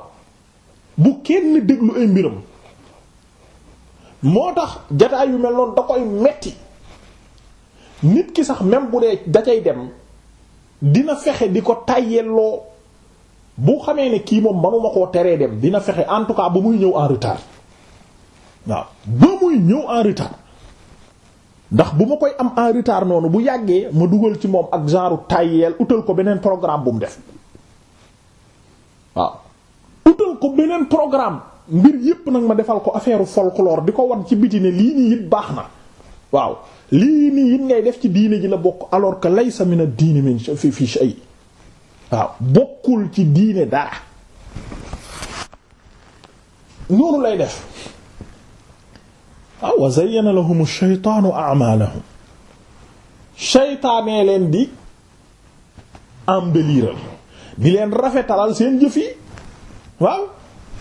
bu kenn déglu ay mbiram moo tax jataay yu mel noonu da koy metti nit ki sax même bu dee da cay dem dina fexe di ko loo bu xamee ne kii moom manuma koo teree dem dina fexe en tout cas ba muy ñëw en retard waaw ba muy ñëw en retard ndax bu ma koy am en noonu bu yàggee ma dugal ci moom ak genre tayeel utal ko beneen programme bu mu def waaw utal ko beneen programme mbir yépp nag ma defal ko affaire folklore di ko wan ci biti ne lii nii it baax na waaw lii nii it ngay def ci diine ji la bokk alors que laysa mina diine min fi fi shay waaw bokkul ci diine dara noonu lay def waaw wa zayyana lahum ash-shaytaanu a'maalahum shaytaanee leen di embelliral di leen rafetalal seen jëf yi waaw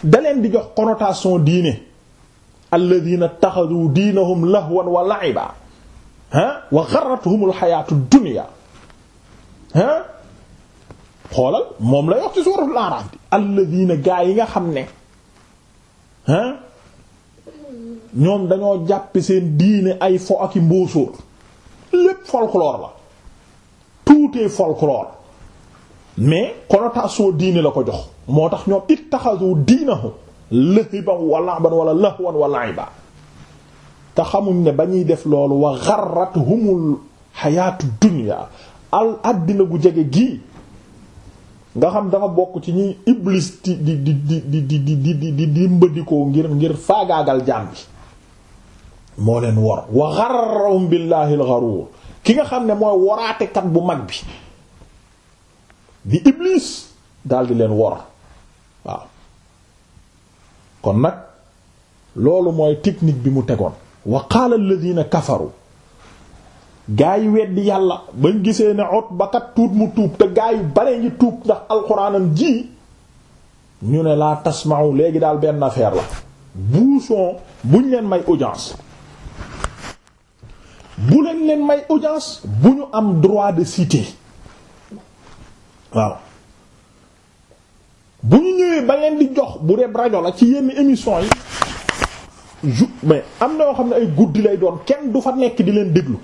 da leen di jox connotation diine alladhina ittakhadhu diinahum lahwan wa la'iba ha wa gharratuhum al-hayatu ad-dunya ha xoolal moom la wax ci suuratul A'raaf di alladina gaa yi nga xam ne ah ñoom dañoo jàppe seen diine ay fo ak i mbóosóor lépp folklore la tuutee folklore mais connotation diine la ko jox moo tax ñoom ittaxasu diinahum lahiban wa la'ban wala lahwan wa la'iba te xamuñ ne ba def loolu wa gharratuhumul xayaatu dunya al àddina gu jege gii nga xam dafa bokk ci ñuy iblis di di di di di di di di dimbadikoo ngir ngir faagaagal jaam bi moo leen wor wa gharrahum billahi al ki nga xam ne mooy woraatekat bu mag bi di iblis daldi leen wor waaw kon nag loolu mooy technique bi mu tegoon wa qaala alladhina kafaru gaa yi weddi yàlla ba gisee ne ot ba kat tuut mu tuub te gaa yu baree ngi tuub ndax alxuraanam ji ñu ne laa tasmaaw léegi daal benn affaire la buuson buñ leen may audience bu leen leen may audience bu ñu am droit de cité waaw bu ñu ñëwee ba leen di jox bu dee rajo la ci yenn émission yi ju mais am na yoo xam ne ay guddi lay doon kenn du fa nekk di leen déglu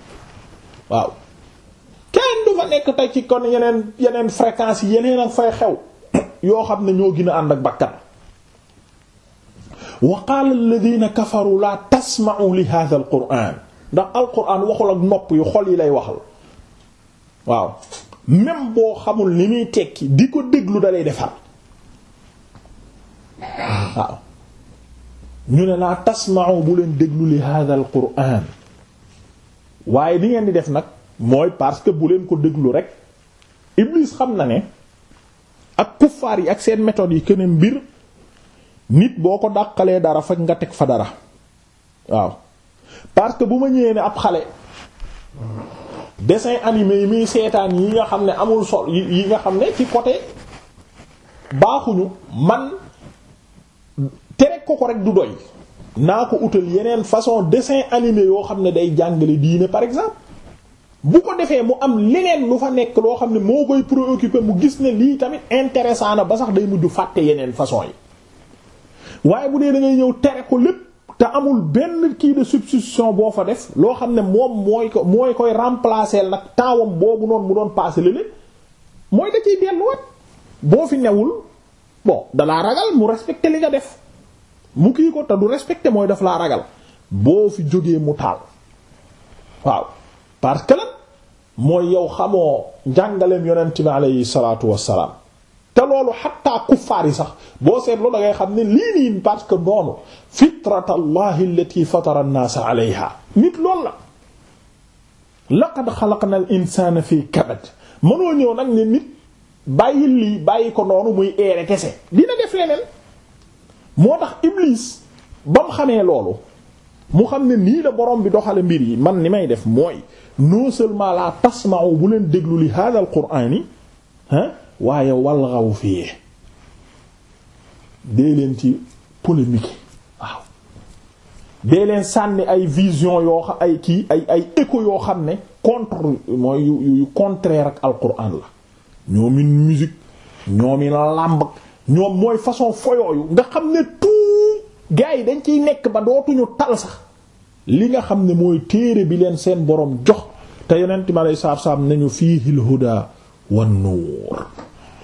waaw kenn du fa nekk tey ci kon yeneen yeneen fréquence yeneen ak fay xew yoo xam ne ñoo gin a ànd ak bakkan wa qaala alladina kafaru laa tasma'u li hadha al quran ndax alquran waxul ak nopp yu xol yi lay waxal waaw même boo xamul ni muy tekki di ko déglu dalay defar waaw ñu ne laa tasma'u bu leen déglu li hadha al quran waaye li ngeen di def nag mooy parce que bu leen ko déglu rek Iblis xam na ne ak kuffaar yi ak seen méthodes yi keneen mbir nit boo ko dàqalee dara fekk nga teg fa dara waaw parce que bu ma ñëwee ne ab xale dessin animé yi muy seetaan yi nga xam ne amul sol yi nga xam ne ci côté baaxuñu man tere ko ko rek du doy naa ko utal yeneen façon desin animé yoo xam ne day jàngale diine par exemple bu ko defee mu am leneen lu fa nekk loo xam ne moo koy préoccupé mu gis ne lii tamit intéressant na ba sax day mujj fàtte yeneen façon yi waaye bu dee da ñëw tere ko lépp te amul benn kii de substitution boo fa def loo xam ne moom mooy ko mooy koy remplacer nag taawam boobu noonu mu doon passé lële mooy da ciy delluwaat boo fi newul bon dalaa ragal mu respecté li nga def mu kii ko te du respecté mooy daf laa ragal boo fi jógee mu taal waaw parce que lan mooy yow xamoo njàngaleem yonent bi aleyhi salaatu wassalaam te loolu xatta kuffaar yi sax boo seetlu da ngay xam ne lii nii parce que noonu fitratallahi allati fatara an-naasa alayha nit loolu la laqad xalaqna al insana fii kabad mënoo ñëw nag ne nit bàyyi lii bàyyi ko noonu muy eere kese dina def leneen moo tax Iblis ba mu xamee loolu mu xam ne nii la borom bi doxale mbir yi man ni may def mooy non seulement la tasma'u bu leen déglu li hadal qur'ani ah waaye walghaw fii dee leen ci polémique waaw dee leen sànni ay vision yoo xam ay kii ay ay écho yoo xam ne contre mooy yu yu contraire ak al qur'an la ñoomin musique ñoomin làmb ñoom mooy façon foyooyu nga xam ne tout gars yi dañ ciy nekk ba dootuñu tal sax li nga xam ne mooy téere bi leen seen boroom jox te yonent mi aleyhi salaatu nañu fii huda wan nuur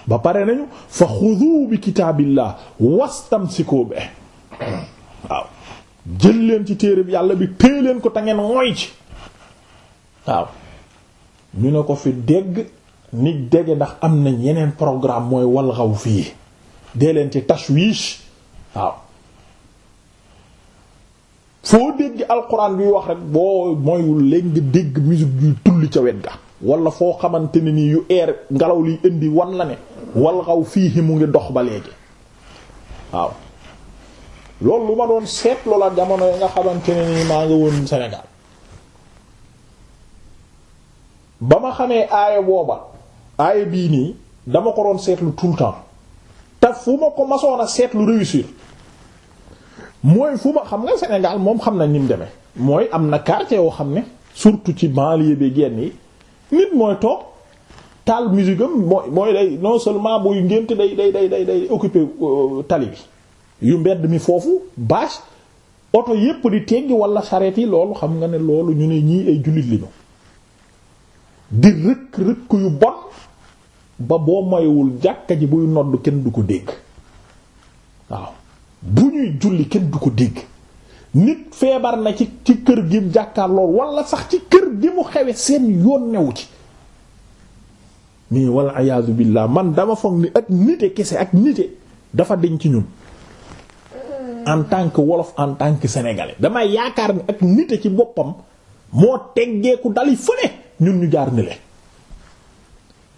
ba pare nañu fa xudu bi kitaabillah wastamsiku be waaw jël leen ci téere bi yàlla bi téye leen ko te ngeen moy ci waaw ñu ne ko fi dégg nit dégg ndax am nañ yeneen programme mooy walxaw fii dee leen ci tashwiish waaw foo dégg alxuraan bi wax rek boo moyul leen nga dégg musique yuy tulli ca wet ga walla foo xamante ne nii yu eer ngelaw liy indi wan la ne walla xaw fii mu ngi dox ba léegi waaw loolu lu ma doon seetlu la jamono yi nga xamante ne nii maa nga woon Sénégal ba ma xamee aaya booba aaya bii nii dama ko doon seetlu tout temps te fu ma ko masoon a seetlu réussir mooy fu ma xam nga Sénégal moom xam nañ ni mu demee mooy am na quartier yoo xam ne surtout ci banlieue bi genn yi nit mooy toog taal musique am mooy day non seulement buy ngénte day day day day day occuper euh, tali bi yu mbedd mi foofu bâche oto yépp di teggi wala charrette yi loolu xam nga ne loolu ñu ne ñii ay jullit li ñu di rëkk rëkk yu bon ba boo mayewul jàkka ji buy nodd kenn du ko dégg waaw bu ñuy julli kenn du ko dégg nit feebar na ci ci kër gi jàkkaar lool wala sax ci kër gi mu xewe seen yoon newu ci nii wala ayaadu billah man dama foog ni ak nite kese ak nite dafa deñ ci ñun en tant wolof en tant que sénégalais damay yaakaar ni ak nite ci boppam moo teggeeku dali fële ñun ñu jaar ni le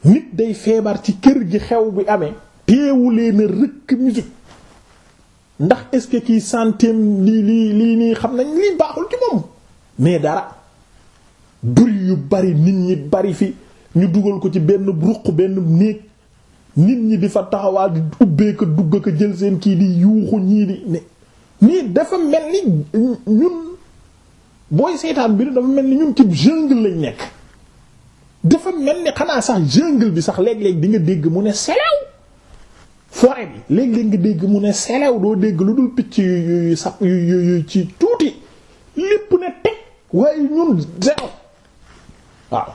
nit day feebar ci kër gi xew bi amee teewulee na rëkk musique ndax est-ce que kii santeem lii lii lii nii xam nañ lii baaxul ci moom mais dara bruit yu bari nit ñi bari fi ñu dugal ko ci benn ruq benn néeg nit ñi di fa taxawaat di ubbee dugg ko jël seen kii di yuuxu ñii di ne nii dafa mel ni ñun booy seetaan bi dafa mel ni ñun ci jungle lañ nekk dafa mel ni xanaa sax jungle bi sax léeg-léeg di nga dégg mu ne selew forêt bi léeg nga dégg mu ne selew doo dégg lu dul picc yu sax yu ci tuuti lépp ne teg waaye ñun zéro waaw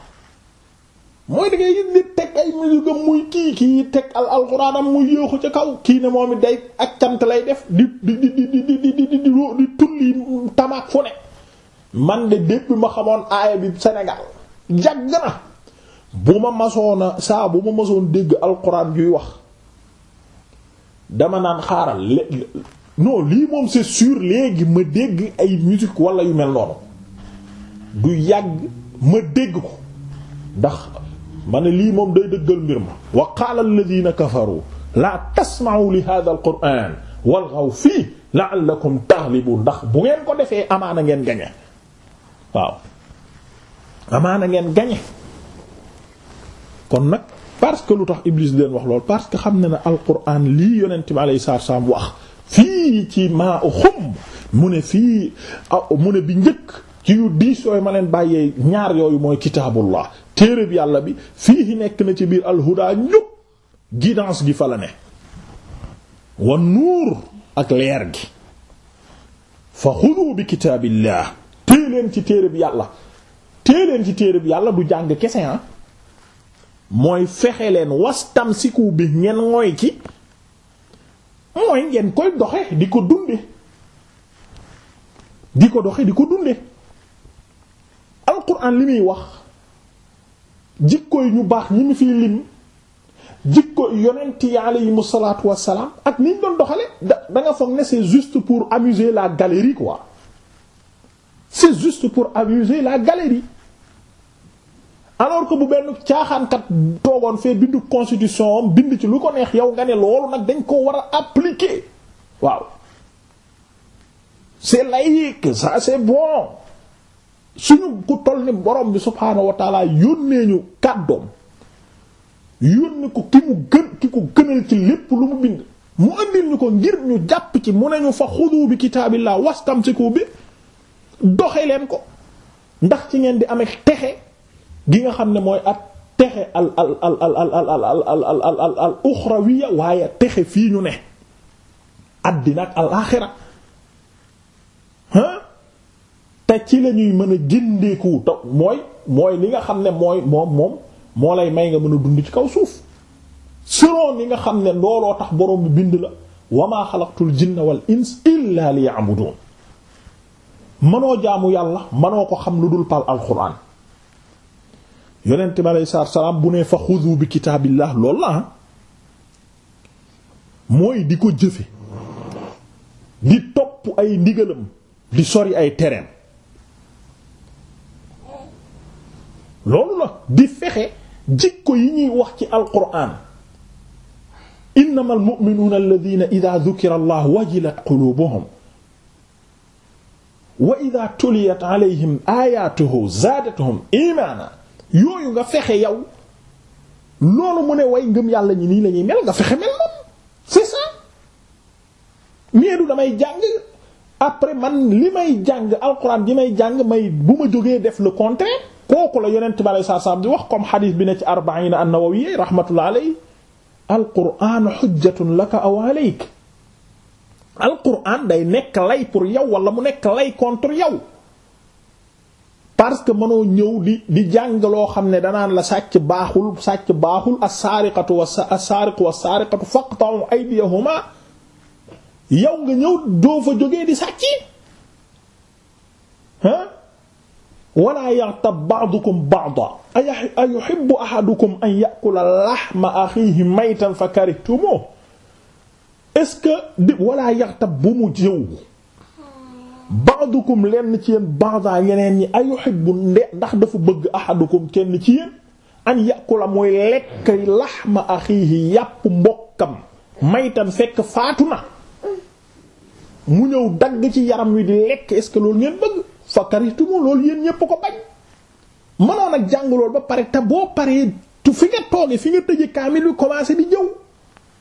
mooy da ngay teg ay musique am muy kii kii teg al alxuraanam muy yéexu ci kaw kii ne moom it day ak cant lay def di di di di di di di tulli tamaak fu ne man de dépp ma xamoon aaya bi senegal yàgg na bu ma masoona saa bu ma masoon dégg alxuraan yuy wax dama naan xaaral lé non lii moom c'est sûr léegi ma dégg ay musique wala yu mel noonu du yàgg ma dégg ko ndax ma lii moom day dëggal mbir ma wa qaala alladhina kafaru laa tasma'u li hadha alquran walghaw fii la'allakum taghlibun ndax bu ngeen ko defee amaana ngeen gañe waaw amaana ngeen gañe kon nag parce que lu tax Iblis leen wax lool parce que xam na ne alquran lii yonent bi alayhi salaatu salaam wax fii ci maa xum mu ne fii ah, mu ne bi njëkk ci yu diis yooyu ma leen bàyyee ñaar yooyu mooy kitaabullah téere bi yàlla bi fii nekk na ci biir alhuda ñëpp guidance gi fa la ne wan nuur ak leer gi fa xudu bi kitaabillah téye leen ci téere yàlla téye ci téere bi yàlla du jàng kese ah. mooy fexe leen was wastamsiku bi ngeen mooy ci mooy ngeen koy doxe di ko dunde di ko doxe di ko dunde alquran li muy wax jikko yi ñu baax ñu mu fiy lim jikko yonent yi mu salaatu wassalaam ak niñ doon doxale da da nga foog ne c'est juste pour amuser la galerie quoi c'est juste pour amuser la galerie alors ko bu benn caaxaankat toogoon fee bindu constitution bind ci lu ko neex yow nga ne loolu nag dañ ko war a appliquer waaw c'est laïque ça c'est ku toll ni borom bi subhaanahu wa yónnee ñu kàddoom yónni ko ki mu gën ki ko gënal ci lépp lu mu bind mu andil ñu ko ngir ñu jàpp ci mu ne ñu fa xudu bi kitaabillah wastamsiku bi doxe ko ndax ci ngeen di amee texe gi nga xam ne mooy at texe al al al al al al uxrawiya waaye texe fii ñu ne àddina ak alaaxira ah te ci la ñuy mën a jëndeeku te mooy mooy li nga xam ne mooy moom moom moo lay may nga mën a dund ci kaw suuf siroon yi nga xam ne looloo tax borom bi bind la wa maa xalaqtul jinna wal ins mënoo jaamu yàlla mënoo ko xam lu dul par alxuraan yonent bi aleyhi salaatu salaam bu ne fa xudu bi kitaabillah loolu la ah. mooy di ko jëfe di topp ay ndigalam di sori ay tereem loolu la di fexe jikko yi ñuy wax ci alquran innama almuminuuna alladina ida dukira allah wajilat qulubuhum wa ida tuliyat alayhim ayatuhu zaadatuhum yooyu nga fexe yow loolu mu ne way ngëm yàlla ñi nii lañuy ñuy mel nga fexe mel moom c'est ça mais du damay jàng après man li may jàng alxuraan ji may jàng may bu ma jógee def le contraire kooku la yonent bi alei sat salaam di wax comme xadis bi ne ci arbaina an-Nawawi rahmatullah aley alquraan xujjatun laka aw aleyk alquraan day nekk lay pour yow wala mu nekk lay contre yow parce que mënoo ñëw di di jàng loo xam ne danaan la sàcc baaxul sàcc baaxul as-sariqatu was-sariqu was-sariqatu faqta'u aydiyahuma yow nga ñëw doo fa jógee di sàcc ah wala yagtab ba'dukum ba'dan ayuhibbu ahadukum an ya'kula lahma akhihi maytan fakarihtumuh est-ce que di wala yagtab bu mu jëw ba'dukum lenn ci yéen ba'da yeneen ñi ayuhibbu nde ndax dafa bëgg ahadukum kenn ci yéen an yàqula mooy lekk laxma axiihi yàpp mbokkam maytan fekk faatu na mu ñëw dagg ci yaram wi di lekk est ce que loolu ngeen bëgg fa karitumu loolu yéen ñépp ko bañ mënoon ak jàng loolu ba pare te boo paree tu fi nga toogee fi nga tëje kaamil bi commencé di jëw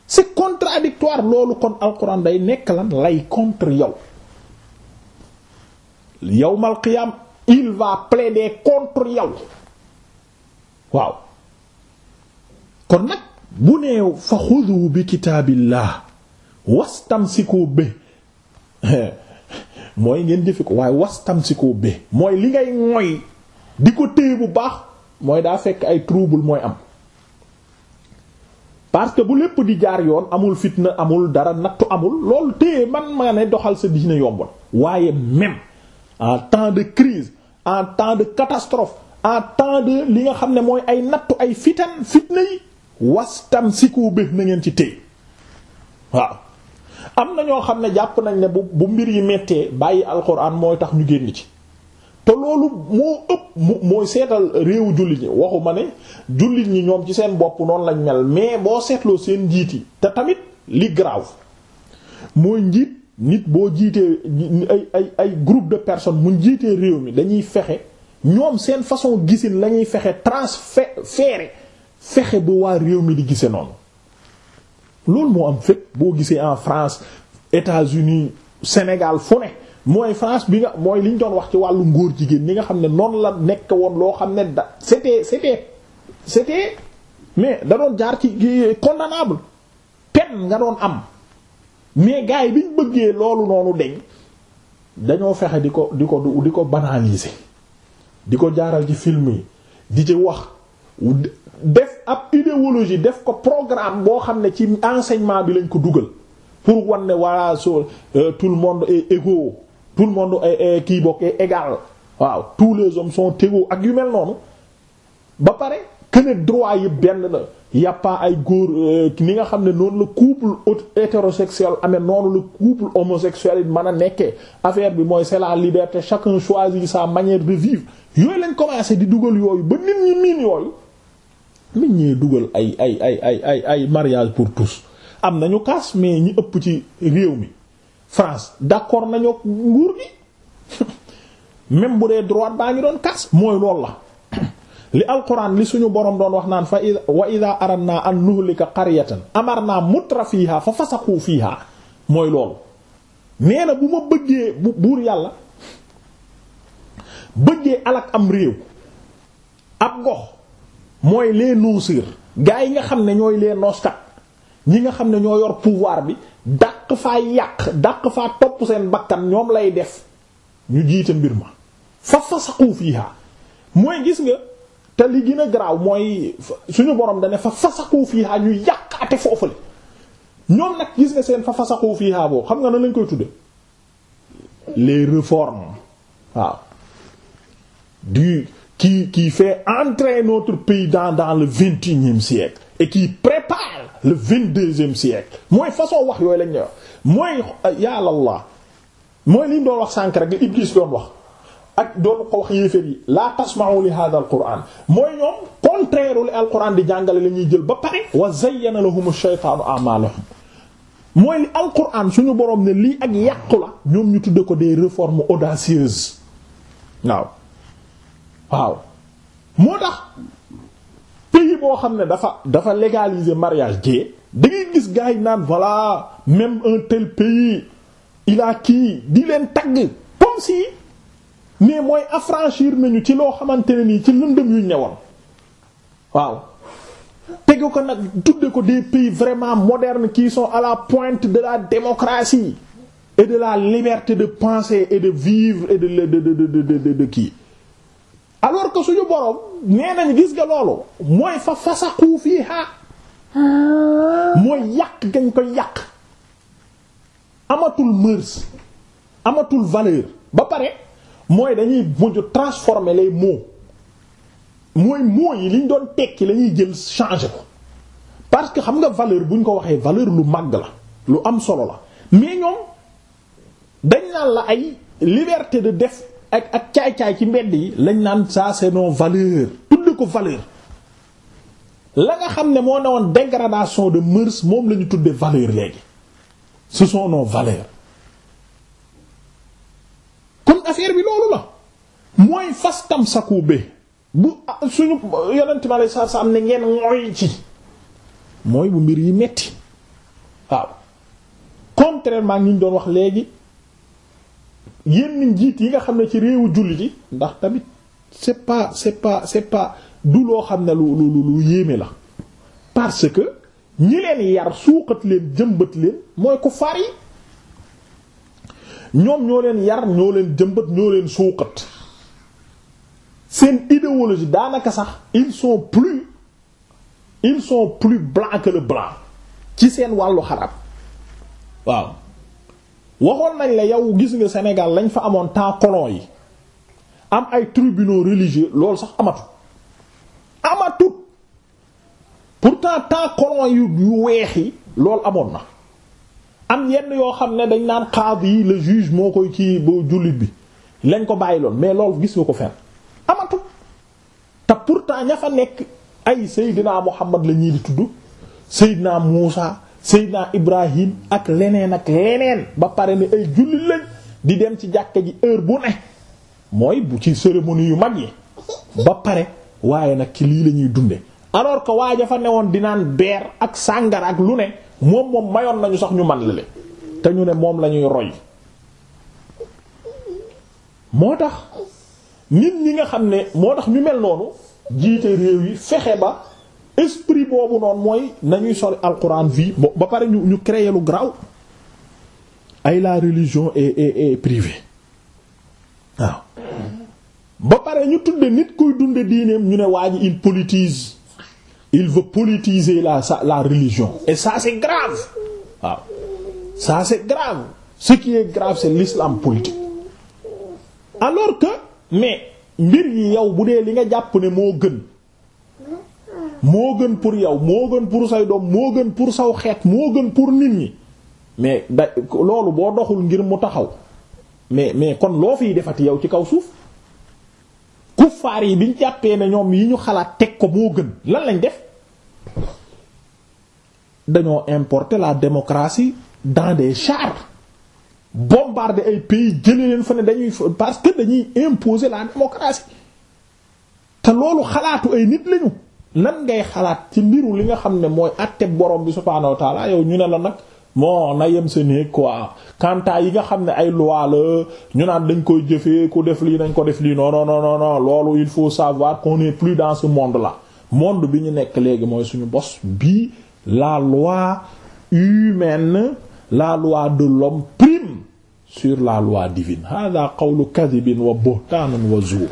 c'est contradictoire loolu kon alxuraan day nekk lan lay contre yow yawmal qiyam il va plaider contre yow waaw kon nag bu nee fa xudu bi kitaabillah wastamsiku bi mooy ngeen jëfe ko waaye wastamsiku bi mooy li ngay moy di ko téye bu baax mooy daa fekk ay trouble mooy am parce que bu lépp di jaar yoon amul fitna amul dara nattu amul loolu téye man maa ne doxal sa diine yomb waaye même en temps de crise en temps de catastrophe en temps de li nga xam ne mooy ay nattu ay fitan fitna yi wastam siku bi na ngeen ci téye waaw am na ñoo xam ne jàpp nañ ne bu mbir yi mettee bàyyi alxuraan mooy tax ñu génn ci te loolu moo ëpp mooy seetal réew jullit ñi waxu ne jullit ñi ñoom ci seen bopp noonu lañ mel mais boo seetloo seen njiit yi te tamit li grave mooy njiit nit boo jiitee ay ay ay groupe de personnes mu jiitee réew mi dañuy fexe ñoom seen façon gisin la ñuy fexe transférer fexe bu waa réew mi di gise noonu loolu moo am fépp boo gisee en France États-Unis Sénégal fu ne mooy France bi nga mooy li ñu doon wax ci wàllu ngóor jigéen ñi nga xam ne noonu la nekk woon loo xam ne da c'était c'était c'était mais da doon jaar ci condamnable peine nga doon am mais gars yi bi ñu bëggee loolu noonu deñ dañoo fexe di ko di ko di ko banaliser di ko jaaral ci film yi di ci wax def ab idéologie def ko programme boo xam ne ci enseignement bi lañ ko dugal pour wan waa so euh, tout le monde est égaux tout le monde est waaw tous les hommes son égaux ak yu mel noonu ba pare que droit yi benn la. yàppaa ay góor euh, ni nga xam ne noonu la couple hétérosexuel amee noonu la couple homosexuel it man a nekkee affaire bi mooy c'est la liberté chacun choisit sa manière de vivre yooyu lañ commencé di dugal yooyu ba nit ñi miin yooyu nit ñi dugal ay ay ay ay ay ay mariage pour tous am nañu kaas mais ñi ëpp ci réew mi France d'accord nañoo nguur gi même bu dee droite baa ngi doon kaas mooy loolu la li alquran li suñu borom doon wax naan fa wa ida aradna an nuhlika amar naa mutra fiha fa fasaqu fiha mooy loolu nee na bu ma bëggee bu buur yàlla bëggee alak am réew ab gox mooy les nonseurs gars yi nga xam ne ñooy les noskat ñi nga xam ne ñoo yor pouvoir bi dàq faa yàq dàq faa topp seen bakkan ñoom lay def ñu jiite mbir ma fa fasaqu fiha mooy gis nga te li gën a garaaw mooy suñu borom dane fa fasaxu fiihaa ñuy yàqaate foofale ñoom nag gis nga seen fa fasaxu fiihaa boobu xam nga na lañ koy tudde les réformes waaw du kii kii fait entrer notre pays dans dans le vingt et unième siècle et qui prépare le vingt-deuxième siècle mooy façon wax yooyu lañ ñuy wax mooy yàlla la mooy liñ doon wax sànk rek li Iblis doon wax ak doon ko wax yéeféer yi la tasma'u li hadha quran mooy ñoom contraire li al quran di jàngale la jël ba pare wa zayyana lahum ash-shaytanu a'malahum mooy li al quran suñu borom ne lii ak yàqu la ñoom ñu tudde ko des réformes audacieuses waaw waaw moo tax pays boo xam ne dafa dafa légaliser mariage gay da ngay gis gars naan voilà même un tel pays il kii di leen tagg comme si mais mooy affranchir nañu ci loo xamante ne nii ci lëndëm ne ñëwoon waaw tegu ko nag tudde ko des pays vraiment modernes qui sont à la pointe de la démocratie et de la liberté de penser et de vivre et de de de de kii alors ko suñu borom nee nañ gis nga loolu mooy fa fasaqu fiha mooy yàq gañ ko yàq amatul mœurs amatul valeur ba pare. mooy dañuy mujj transformer les mots mooy mots yi liñ doon tekki lañuy jël changer ko parce que xam nga valeur buñ ko waxee valeur lu màgg la lu am solo la mais ñoom dañ naan la ay liberté de def ak ak caay-caay ci mbedd yi lañ naan ça c'est nos valeurs tudd ko valeur la nga xam ne moo woon dégradation de mœurs moom la tuddee valeur léegi ce sont nos affaire bi loolu la mooy fas tam sakku be bu suñu yonent ma lay saa am ne ngeen mooy ci mooy bu mbir yi metti waaw contrairement ni ñu doon wax léegi yenn njiit yi nga xam ne ci réewu jullit yi ndax tamit c'est pas c'est pas c'est pas du loo xam ne lu lu lu yéeme la parce que ñi leen yar suuxat leen jëmbat leen mooy ku far yi ñoom ñoo leen yar ñoo leen jëmbat ñoo leen suuqat seen idéologie daanaka sax ils sont plus ils sont plus blancs le blanc ci seen wàllu xarab waaw waxoon nañ la yow gis nga Sénégal lañ fa amoon temps colon yi am ay tribunaux religieux lool sax amatu amatut pourtant temps colon yu yu weex yi loolu amoon na am yenn yoo xam ne dañ naan xaadi yi le juge moo koy ci ba jullit bi lañ ko bàyyi lool mais loolu gis nga ko fenn amatu te pourtant ña fa nekk ay Seydina Muhammad la ñuy di tudd Seydina Muusa Seydina Ibrahim ak leneen ak leneen ba pare ni ay jullit lañ di dem ci jàkka ji heure bu ne mooy bu ci cérémonie yu mag yi ba pare waaye nag ci lii la ñuy dunde alors que waaja fa newoon di naan beer ak sàngara ak lu ne moom moom mayoon nañu sax ñu man lale te ñu ne moom lañuy roy moo tax nit ñi nga xam ne moo tax ñu mel noonu jiite réew yi fexe ba esprit boobu noonu mooy nañuy sori alquran vie ba pare ñu ñu créer lu graw ay la religion et est est privée waaw ba pare ñu tudde nit kuy dunde diineem ñu ne waa ji il politise il veut politiser la sa la religion et ça c'est grave waaw ça c'est grave ce qui est grave c'est l'islam politique alors que mais mbir yi yow bu dee li nga jàpp ne moo gën moo gën pour yow moo gën pour say doom moo gën pour saw xeet moo gën pour nit ñi mais da loolu boo doxul ngir mu taxaw mais mais kon loo fiy defati yow ci kaw suuf kuffaar yi biñ jàppee na ñoom yi ñu xalaat teg ko moo gën lan lañ def dañoo importer la démocratie dans des chars bombarder ay pays jëlee leen fa ne dañuy parce que dañuy imposer la démocratie te loolu xalaatu ay nit lañu lan ngay xalaat ci mbiru li nga xam ne mooy àtte borom bi subhaanahu wa taala yow ñu ne la nag moo na yem sa néeg quoi quant à yi nga xam ne ay loi ñu naan dañ koy jëfee ku def lii nañ ko def lii non non loolu il faut savoir qu'on n'est plus dans ce monde la monde bi ñu nekk léegi mooy suñu bos bii. la loi humaine la loi de l'homme prime sur la loi divine hada qawlu kadhibin wa buhtanan wa zuur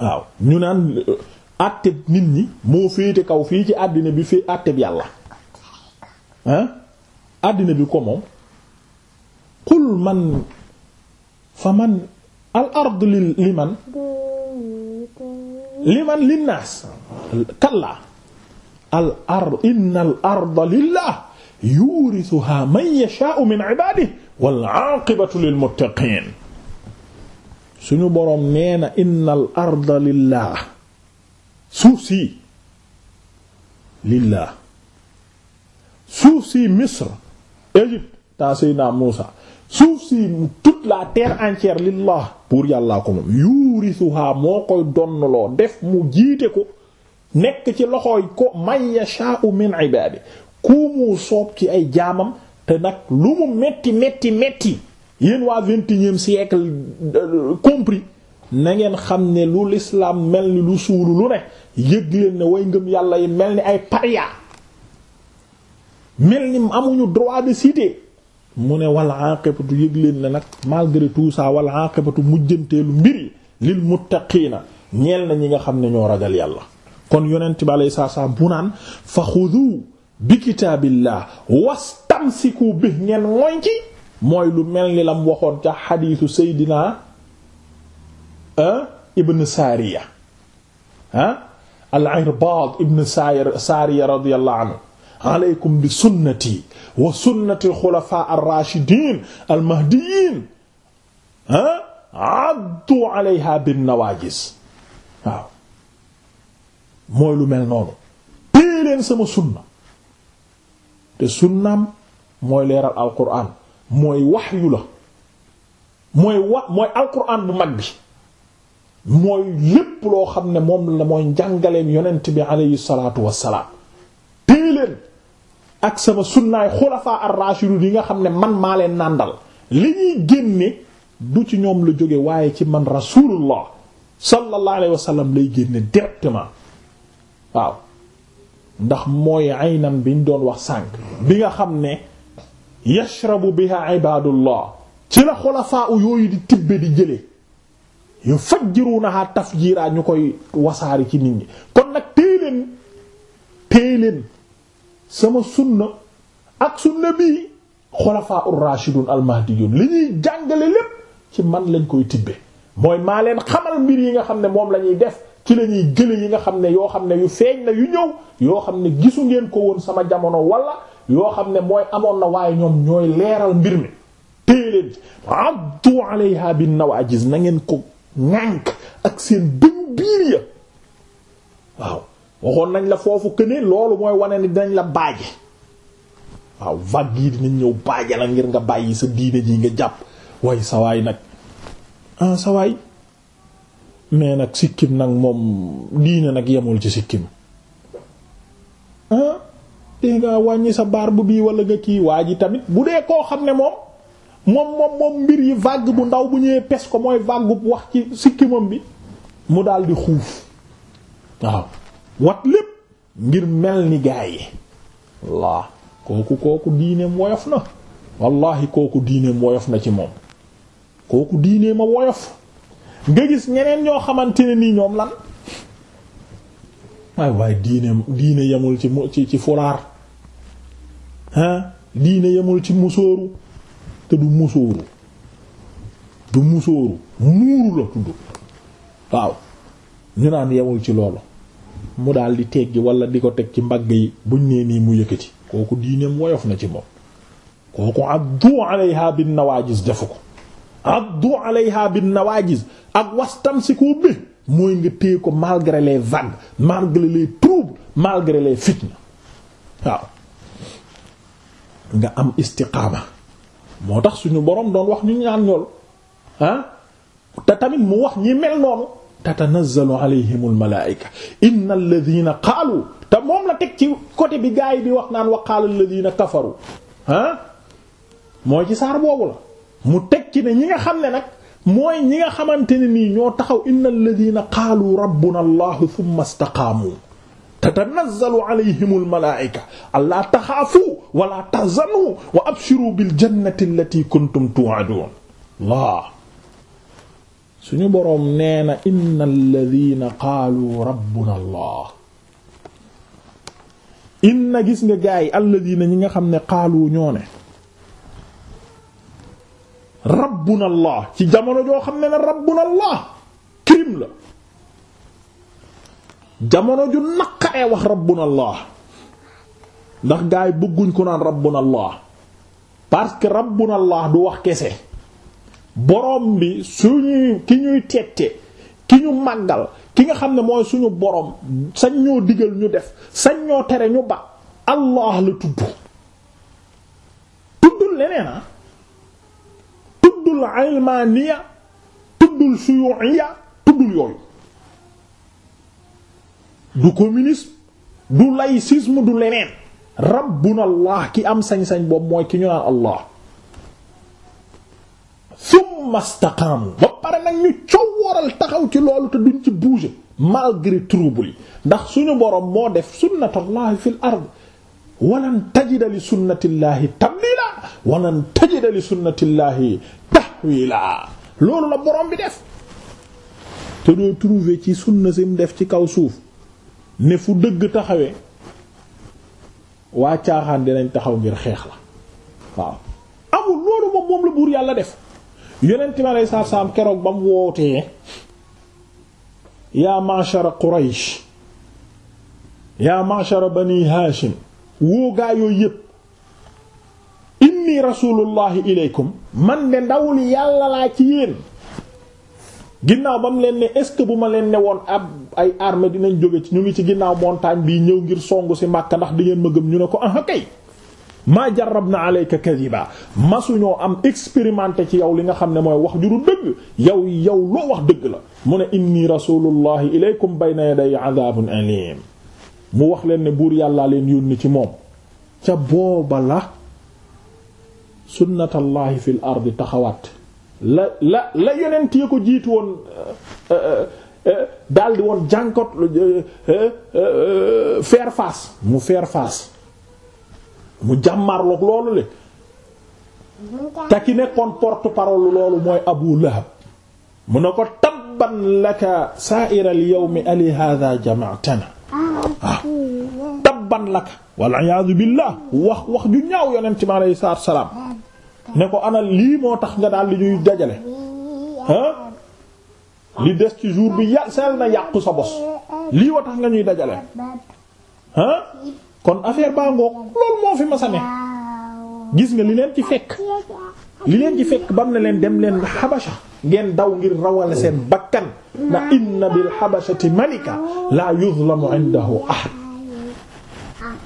waaw ñu naan euh, àtteb nit ñi moo féete kaw fii ci àddina bi fii àtteb yàlla ah àddina bi ko moom qul man fa man al ard li man liman linnaas kallaa al ard inna al arda lillah yurisuha man yashaa'u min ibaadihi wal lillah suuf Misr Égypte ta Seydina Muusa suuf si toute la lillah pour yàllaa ko moom yurisuha def mu jiite ko nekk ci loxooy ko man yasha'u min ibadi ku mu soob ci ay jaamam te nag lu mu metti metti metti yéen waa vingt-et-unième euh, compris na ngeen xam ne lu lislaam mel ni lu suulu lu ne yëg leen ne way ngëm yàlla yi mel ni ay paria mel ni amuñu droit de cité mu ne wal aqibatu yëg leen ne nag malgré tout ça wal aqibatu mujjanteelu mbir yi lil muttaqiina ñeel na ñi nga xam ne ñoo ragal yàlla kon yonent bi alayhi salaam bu naan fa xudu bi kitaabillah wastamsiku bi ngeen mooy ci mooy lu mel ni lam waxoon ca xadiisu seydina ah, ibn saariya ah al irbaad ibn saariya radiyallahu anhu aleykum bi sunnati wa sunnati xulafaa ar-raashidiin al-mahdiyyiin ah addu alayha bin nawaajis waaw mooy lu mel noonu téye sama sunna te sunnaam mooy leeral alquran mooy wahyu la mooy wa mooy alquran bu mag bi mooy lépp loo xam ne moom la mooy njàngaleem yonent bi aleyhi salaatu wassalaam téye ak sama sunnaay xulafaa ar-rashidun yi nga xam ne man maa leen nàndal li ñuy génne du ci ñoom la jóge waaye ci man rasulullah sallallahu alayhi wasallam lay génne directement waaw ndax mooy aynan biñ doon wax sànq bi nga xam ne yashrabu biha ibadullah ci la xulafaa yooyu di tibbe di jëlee yu fajjirunaha tafjiraa ñu koy wasaari ci nit ñi kon nag téy leen téy leen sama sunna ak sunna bii xulafaa ur-rashidun al li ñuy jàngale lépp ci man lañ koy tibbe mooy maa leen xamal mbir yi nga xam ne moom la ñuy def ci la ñuy yi nga xam ne yoo xam ne yu feeñ na yu ñëw yoo xam ne gisu ngeen ko woon sama jamono wala yoo xam ne mooy amoon na waaye ñoom ñooy leeral mbir mi téye leen abdu alayha bin nawaajiz na ngeen ko ŋànk ak seen dënnu biir ya waaw waxoon nañ la foofu këne loolu mooy wane ni dañ la baaje waaw vague yi dinañ ñëw baaje la ngir nga bàyyi sa diine yi nga jàpp way sawaay nag ah sawaay mais nag sikkim nag moom diine nag yemul ci sikkim ah nga wàññi sa baar bu bii wala nga kii waa ji tamit bu dee koo xam ne moom moom moom mbir yi vague bu ndaw bu ñëwee pes ko mooy vague bu wax ci sikkimam bi mu daldi xuuf waaw wat lépp ngir mel ni gaa yi laa kooku kooku diineem woyof na wallahi kooku diineem woyof na ci moom kooku diineem a woyof nga gis ñeneen ñoo xamante ne nii ñoom lan waaye waaye diine diine yemul ci ci ci fulaar ah diine yemul ci musóoru te du musóoru du musóoru muuru la tudd waaw ñu naan yemul ci loolu mu daldi teggi wala di ko teg ci mbagg yi buñ nee nii mu yëkkati kooku diineem woyof na ci moom kooku abdu alayha bin nawaajis jafu ko addu alayha bin nawaajiz ak wastamsiku bi mooy nga téye ko malgré les vagues malgré les troubles malgré les fitna waaw nga am istiqaama moo tax suñu boroom doon wax nu ñu ñaan ñool ah te tamit mu wax ñi mel noonu tatanazzalu alayhim almalaika inna alladina qaalu te moom la teg ci côté bi gaay bi wax naan wa qaala alladina kafaru ah mooy ci saar boobu la mu tekki ne ñi nga xam ne nag mooy ñi nga xamante ne nii ñoo taxaw in ladina qaalu rabbuna allahu thumma istaqaamu tatanazzalu alayhimul malaa'ika allaa taxaafuu wala tahzanuu wa nee na innal ladina allah inna gis nga gaay alladina ñi nga xam ne qaalu ñoo ne rabbuna allah ci jamono joo xam ne ne rabbuna allah crime la jamono ju naqaree wax rabbuna allah ndax gaa yi bëgguñ ko naan rabbuna allah parce que rabbuna allah du wax kese borom bi suñuy ki ñuy tette ki ñu màggal ki nga xam ne mooy suñu borom sañ ñoo digal ñu def sañ ñoo tere ñu ba allah la tudd tuddul leneen ah. tuddul ilmaaniya tuddul suyuiya tuddul yooyu du communisme du laïcisme du leneen rabbuna allah ki am sañ-sañ boobu mooy ki ñu naan allah summa istaqaamu ba pare nag ñu coworal taxaw ci loolu te duñ ci bouger malgré trouble yi ndax suñu borom moo def sunnatullahi fi ard walan tajida li sunnatillahi tabdila walan tajida li sunnatillahi tahwila loolu la borom bi def te doo trouver ci sunna sim def ci kaw suuf ne fu dëgg taxawee waa caaxaan dinañ taxaw ngir xeex la waaw amul loolu moom moom la buur yàlla def yonent mi aleyhi salaatu keroog ba mu wootee yaa ma'shara Quraysh yaa ma'shara bani Haashim woo gaa yooyu yépp inni rasulullahi ilaykum man de ndawul yàlla laa ci yéen ginnaaw ba mu leen ne est-ce que bu ma leen ne woon ab ay armée dinañ jóge ci ñu ngi ci ginnaaw montagne bii ñëw ngir songu ci Makka ndax di ngeen ma gëm ñu ne ko ah kay maa jarab na alayka kadiba masuñoo am expérimenté ci yow li nga xam ne mooy wax ju du dëgg yow yow loo wax dëgg la mu ne inni rasulullahi ilaykum bayna yaday adabun alim mu wax leen ne buur yàlla leen yónni ci moom ca booba la sunnatallahi fil ardi taxawaat la la la yonent ko jiitu woon euh, euh, euh, daldi woon jànkot faire face mu faire face mu jàmmarloog loolu le te ki nekkoon porte-parole loolu mooy Abu Lahab mu ne ko tabban laka sa'ira al yawmi ali hadha jama'tana waaw ah. tabban lak wal iyaadu billah wax wax ju ñaaw yonent mi alayhi salaatu salaam ne ko ana lii moo tax nga daal li ñuy dajale ah li des ci jour bi yà seel na yàqu sa bos lii wa tax nga ñuy dajale ah kon affaire baa ngoog loolu moo fi masa gis nga li leen ci fekk li leen ci fekk bam ne leen dem leen Habasha ngeen daw ngir rawale seen bakkan na inna bil habashati malika la yuzlamu indahu ahad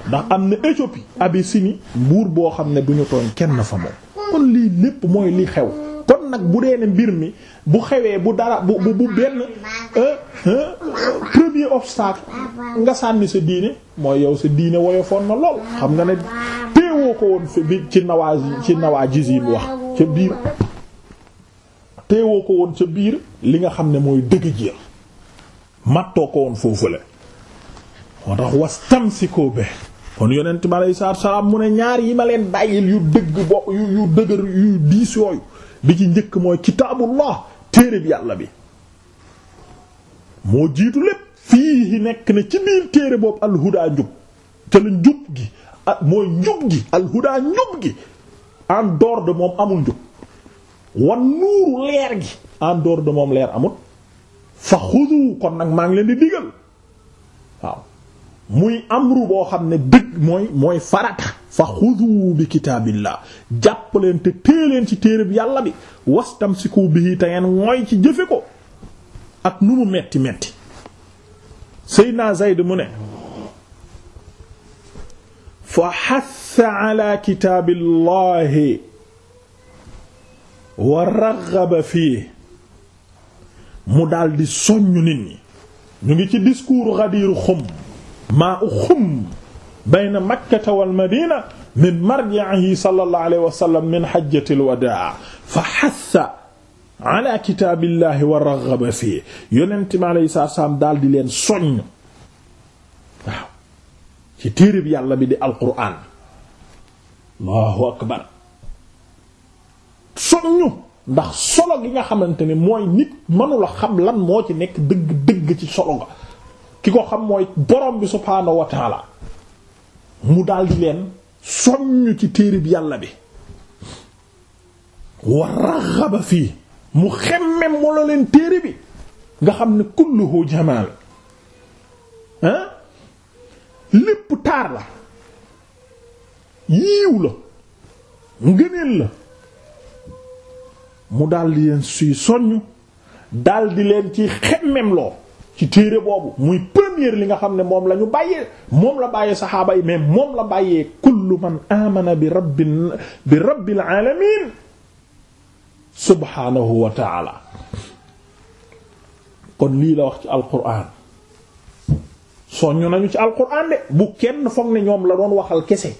ndax am na Éthiopie Abyssinie buur boo xam ne duñu ñu tooñ kenn fa moom kon lii lépp mooy li xew kon nag bu dee ne mbir mi bu xewee bu dara bu bu benn euh, euh, premier obstacle nga sànni sa diine mooy yow sa diine woyofoon na lool xam nga ne teewoo ko woon fi bi ci nawaa ci nawaa yi mu wax ca biir teewoo ko woon ca biir li nga xam ne mooy dëgg ji mattoo ko woon foofule moo tax wastamsikoo be kon yonent bi aleyhi salaatu wa salaam mu ne ñaar yi ma leen bàyyil yu dëgg bo yu dëgër yu diis bi ci njëkk mooy kitaabullah téere bi yàlla bi moo jiitu lépp fii nekk na ci biir téere boobu alhuda njub te njub gi mooy njub gi alhuda njub gi en dehors moom amul njub wan nuuru leer gi en de moom leer amut fa xudu kon nag maa ngi leen di digal waaw muy amru boo xam ne dëgg mooy mooy farata fa xudu bi kitaabillah jàpp te tée leen ci téereb yàlla bi wastamsiku bihi te ngeen mooy ci jëfe ko ak nu mu metti metti Seydina Zayd mu ne fa xassa ala kitaabillahi wa raghaba fii mu daldi soññ nit ñi ñu ngi ci discours Ghadir Khoum maa u Khoum bayna Makkata wal Madina min marji'ihi sallallahu alayhi wa sallam min hajjatil wadaa fa hassa ala kitaabillahi wa raghaba fii yonent mi alayhi salaatu salaam daldi leen soññ waaw ci téereb yàlla bi di alquraan Allahu akbar sonn ndax solo gi nga xamante ne mooy nit mënula xam lan moo ci nekk dëgg dëgg ci solo nga ki ko xam mooy borom bi subhaanahu wa mu daldi leen soññ ci téere bi yàlla bi wa raxaba fii mu xemmem moo la leen téere bi nga xam ne kulluhu jamaal hein lépp taar la yiiw la ngëneel la mu daldi leen suy soññ daldi leen ci xemmem loo ci téere boobu muy première li nga xam ne moom lañu ñu bàyyee moom la bàyyee saxaaba yi moom la bàyyee kullu man amana bi rabbil bi rabbil alamin subhanahu wa kon lii la wax ci alquran soññ nañu ci alquran de bu kenn foog ne ñoom la doon waxal kese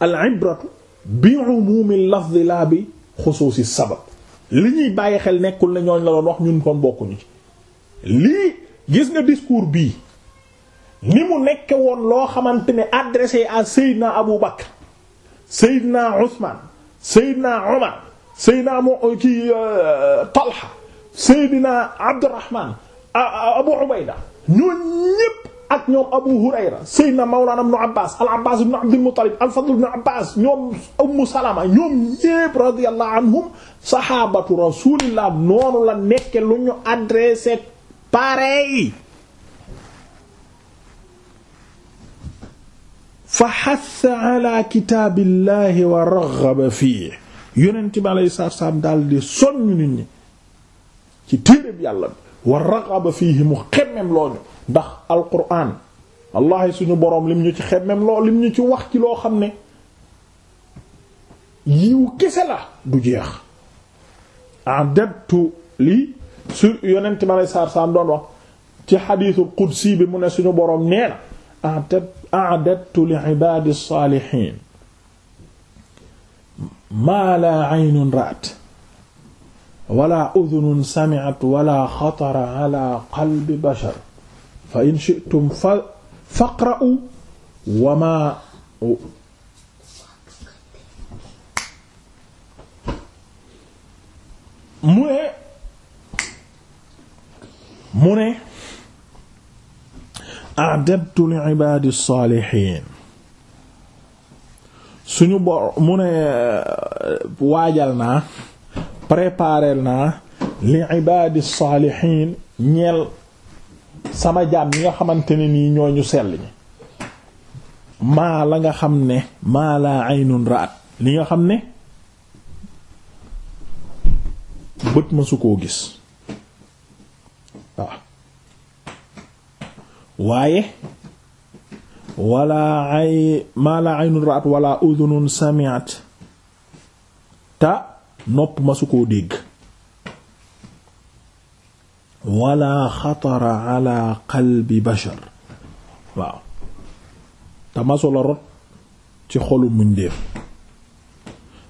al ibratu bi umumi lafzi la bi xusuusi sabab li ñuy bàyyi xel nekkul ne ñooñ la doon wax ñun kon bokkuñu lii gis nga discours bii ni mu nekke woon loo xamante ne adressé à Seydina Abu Bakr Seydina Ousmane Seydina Omar Seydina mo ci euh, Talha Seydina Abdurrahman Abu Ubayda ñoo ñépp ak ñoom Abu Hurayra Seydina Mawlana ibn Abbas al Abbas ibn Abdul Muttalib al Fadl ibn Abbas ñoom Ummu Salama ñoom ñépp radiyallahu anhum sahabatu rasulillah noonu la nekke lu ñu adressé pareil fa hassa ala kitaabillahi wa raghaba fihi yonent bi alayhi salaatu salaam daal di soññ nit ñi ci téereb yàlla bi wa raghaba fihi mu xemmem looñu ndax alquran wallahi suñu boroom lim ñu ci xemmem loo lim ñu ci wax ci loo xam ne yiw kese la du jeex adadtu lii su yonent ma lay saar saam doon wax ci xadiisul qudsi bi mu ne suñu boroom nee na adadtu li ibaadi saalihiin maa laa aynun ra'at wala udhunun sami'at wala xatara ala qalbi bashar fa in shi'tum fa faqra'u wa ma mu ne mu ne a'dadtu li ibadi salihin suñu bo mu ne waajal naa préparer naa li ibadi salihin ñeel sama jaan ñi nga xamante ne nii ñoo ñu sell ñi maa la nga xam ne maa laa aynun ra'at li nga xam ne bët ma su koo gis waaw waaye wala ay maa laa aynun ra'at wala udhunun sami'at ta nopp ma su koo dégg ala qalbi bashar waaw te masula rot ci xolu muñ def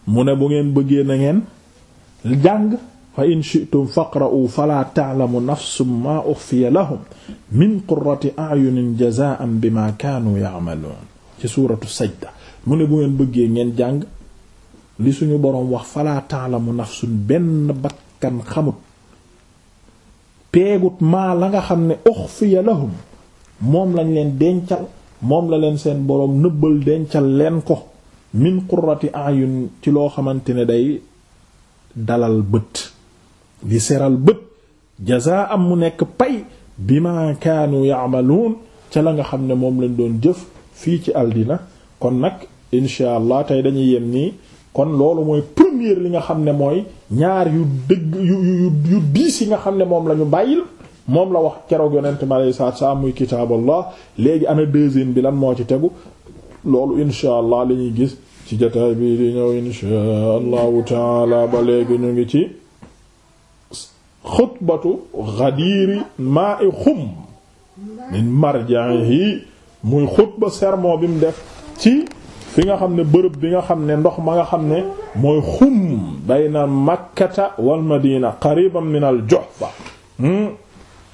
mu ne bu ngeen bëggee na ngeen jàng fa in shi'tum faqra'u fala ta'lamu nafsum ma ukhfiya lahum min qurrati a'yunin jazaa'an bima kaanu ya'malun ci suuratu sajda mu ne bu ngeen bëggee ngeen jàng li suñu boroom wax fala ta'lamu nafsun benn bakkan xamut peegut maa la nga xam ne uxfiya lahum moom lañ leen dencal moom la leen seen boroom nëbbal dencal leen ko min qurrati ayun ci loo xamante ne day dalal bët di seral bët jazaa am mu nekk pay bima kaanu yaamaluun ca la nga xam ne moom lañ doon jëf fii ci aldina kon nag incha allah tey dañuy yem nii kon loolu mooy première li nga xam ne mooy ñaar yu dëgg yu yu diis yi nga xam ne moom la ñu bàyyil moom la wax keroog yonent mi alayhi salaatu salaam muy kitaaballah léegi ana deuxième bi lan moo ci tegu loolu insha allah li ñuy gis ci jotaay bi di ñëw insha allahu taala ba léegi ñu ngi ci xutbatu ghadiri ma'i xum min yi muy xutba sermon bi mu def ci fi nga xam ne bërëb bi nga xam ne ndox ma nga xam ne mooy xum bayna makkata wal madina qariban min al juhfa hmm?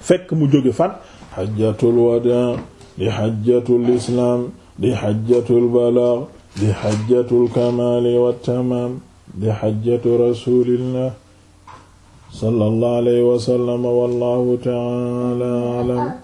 fekk mu jóge fan xajjatul wadaa di xajjatul islaam di xajjatul balaag di xajjatul kamaali wat tamaam di xajjatu rasulillah sallallahu alayhi wa sallam wallahu ta'ala a'lam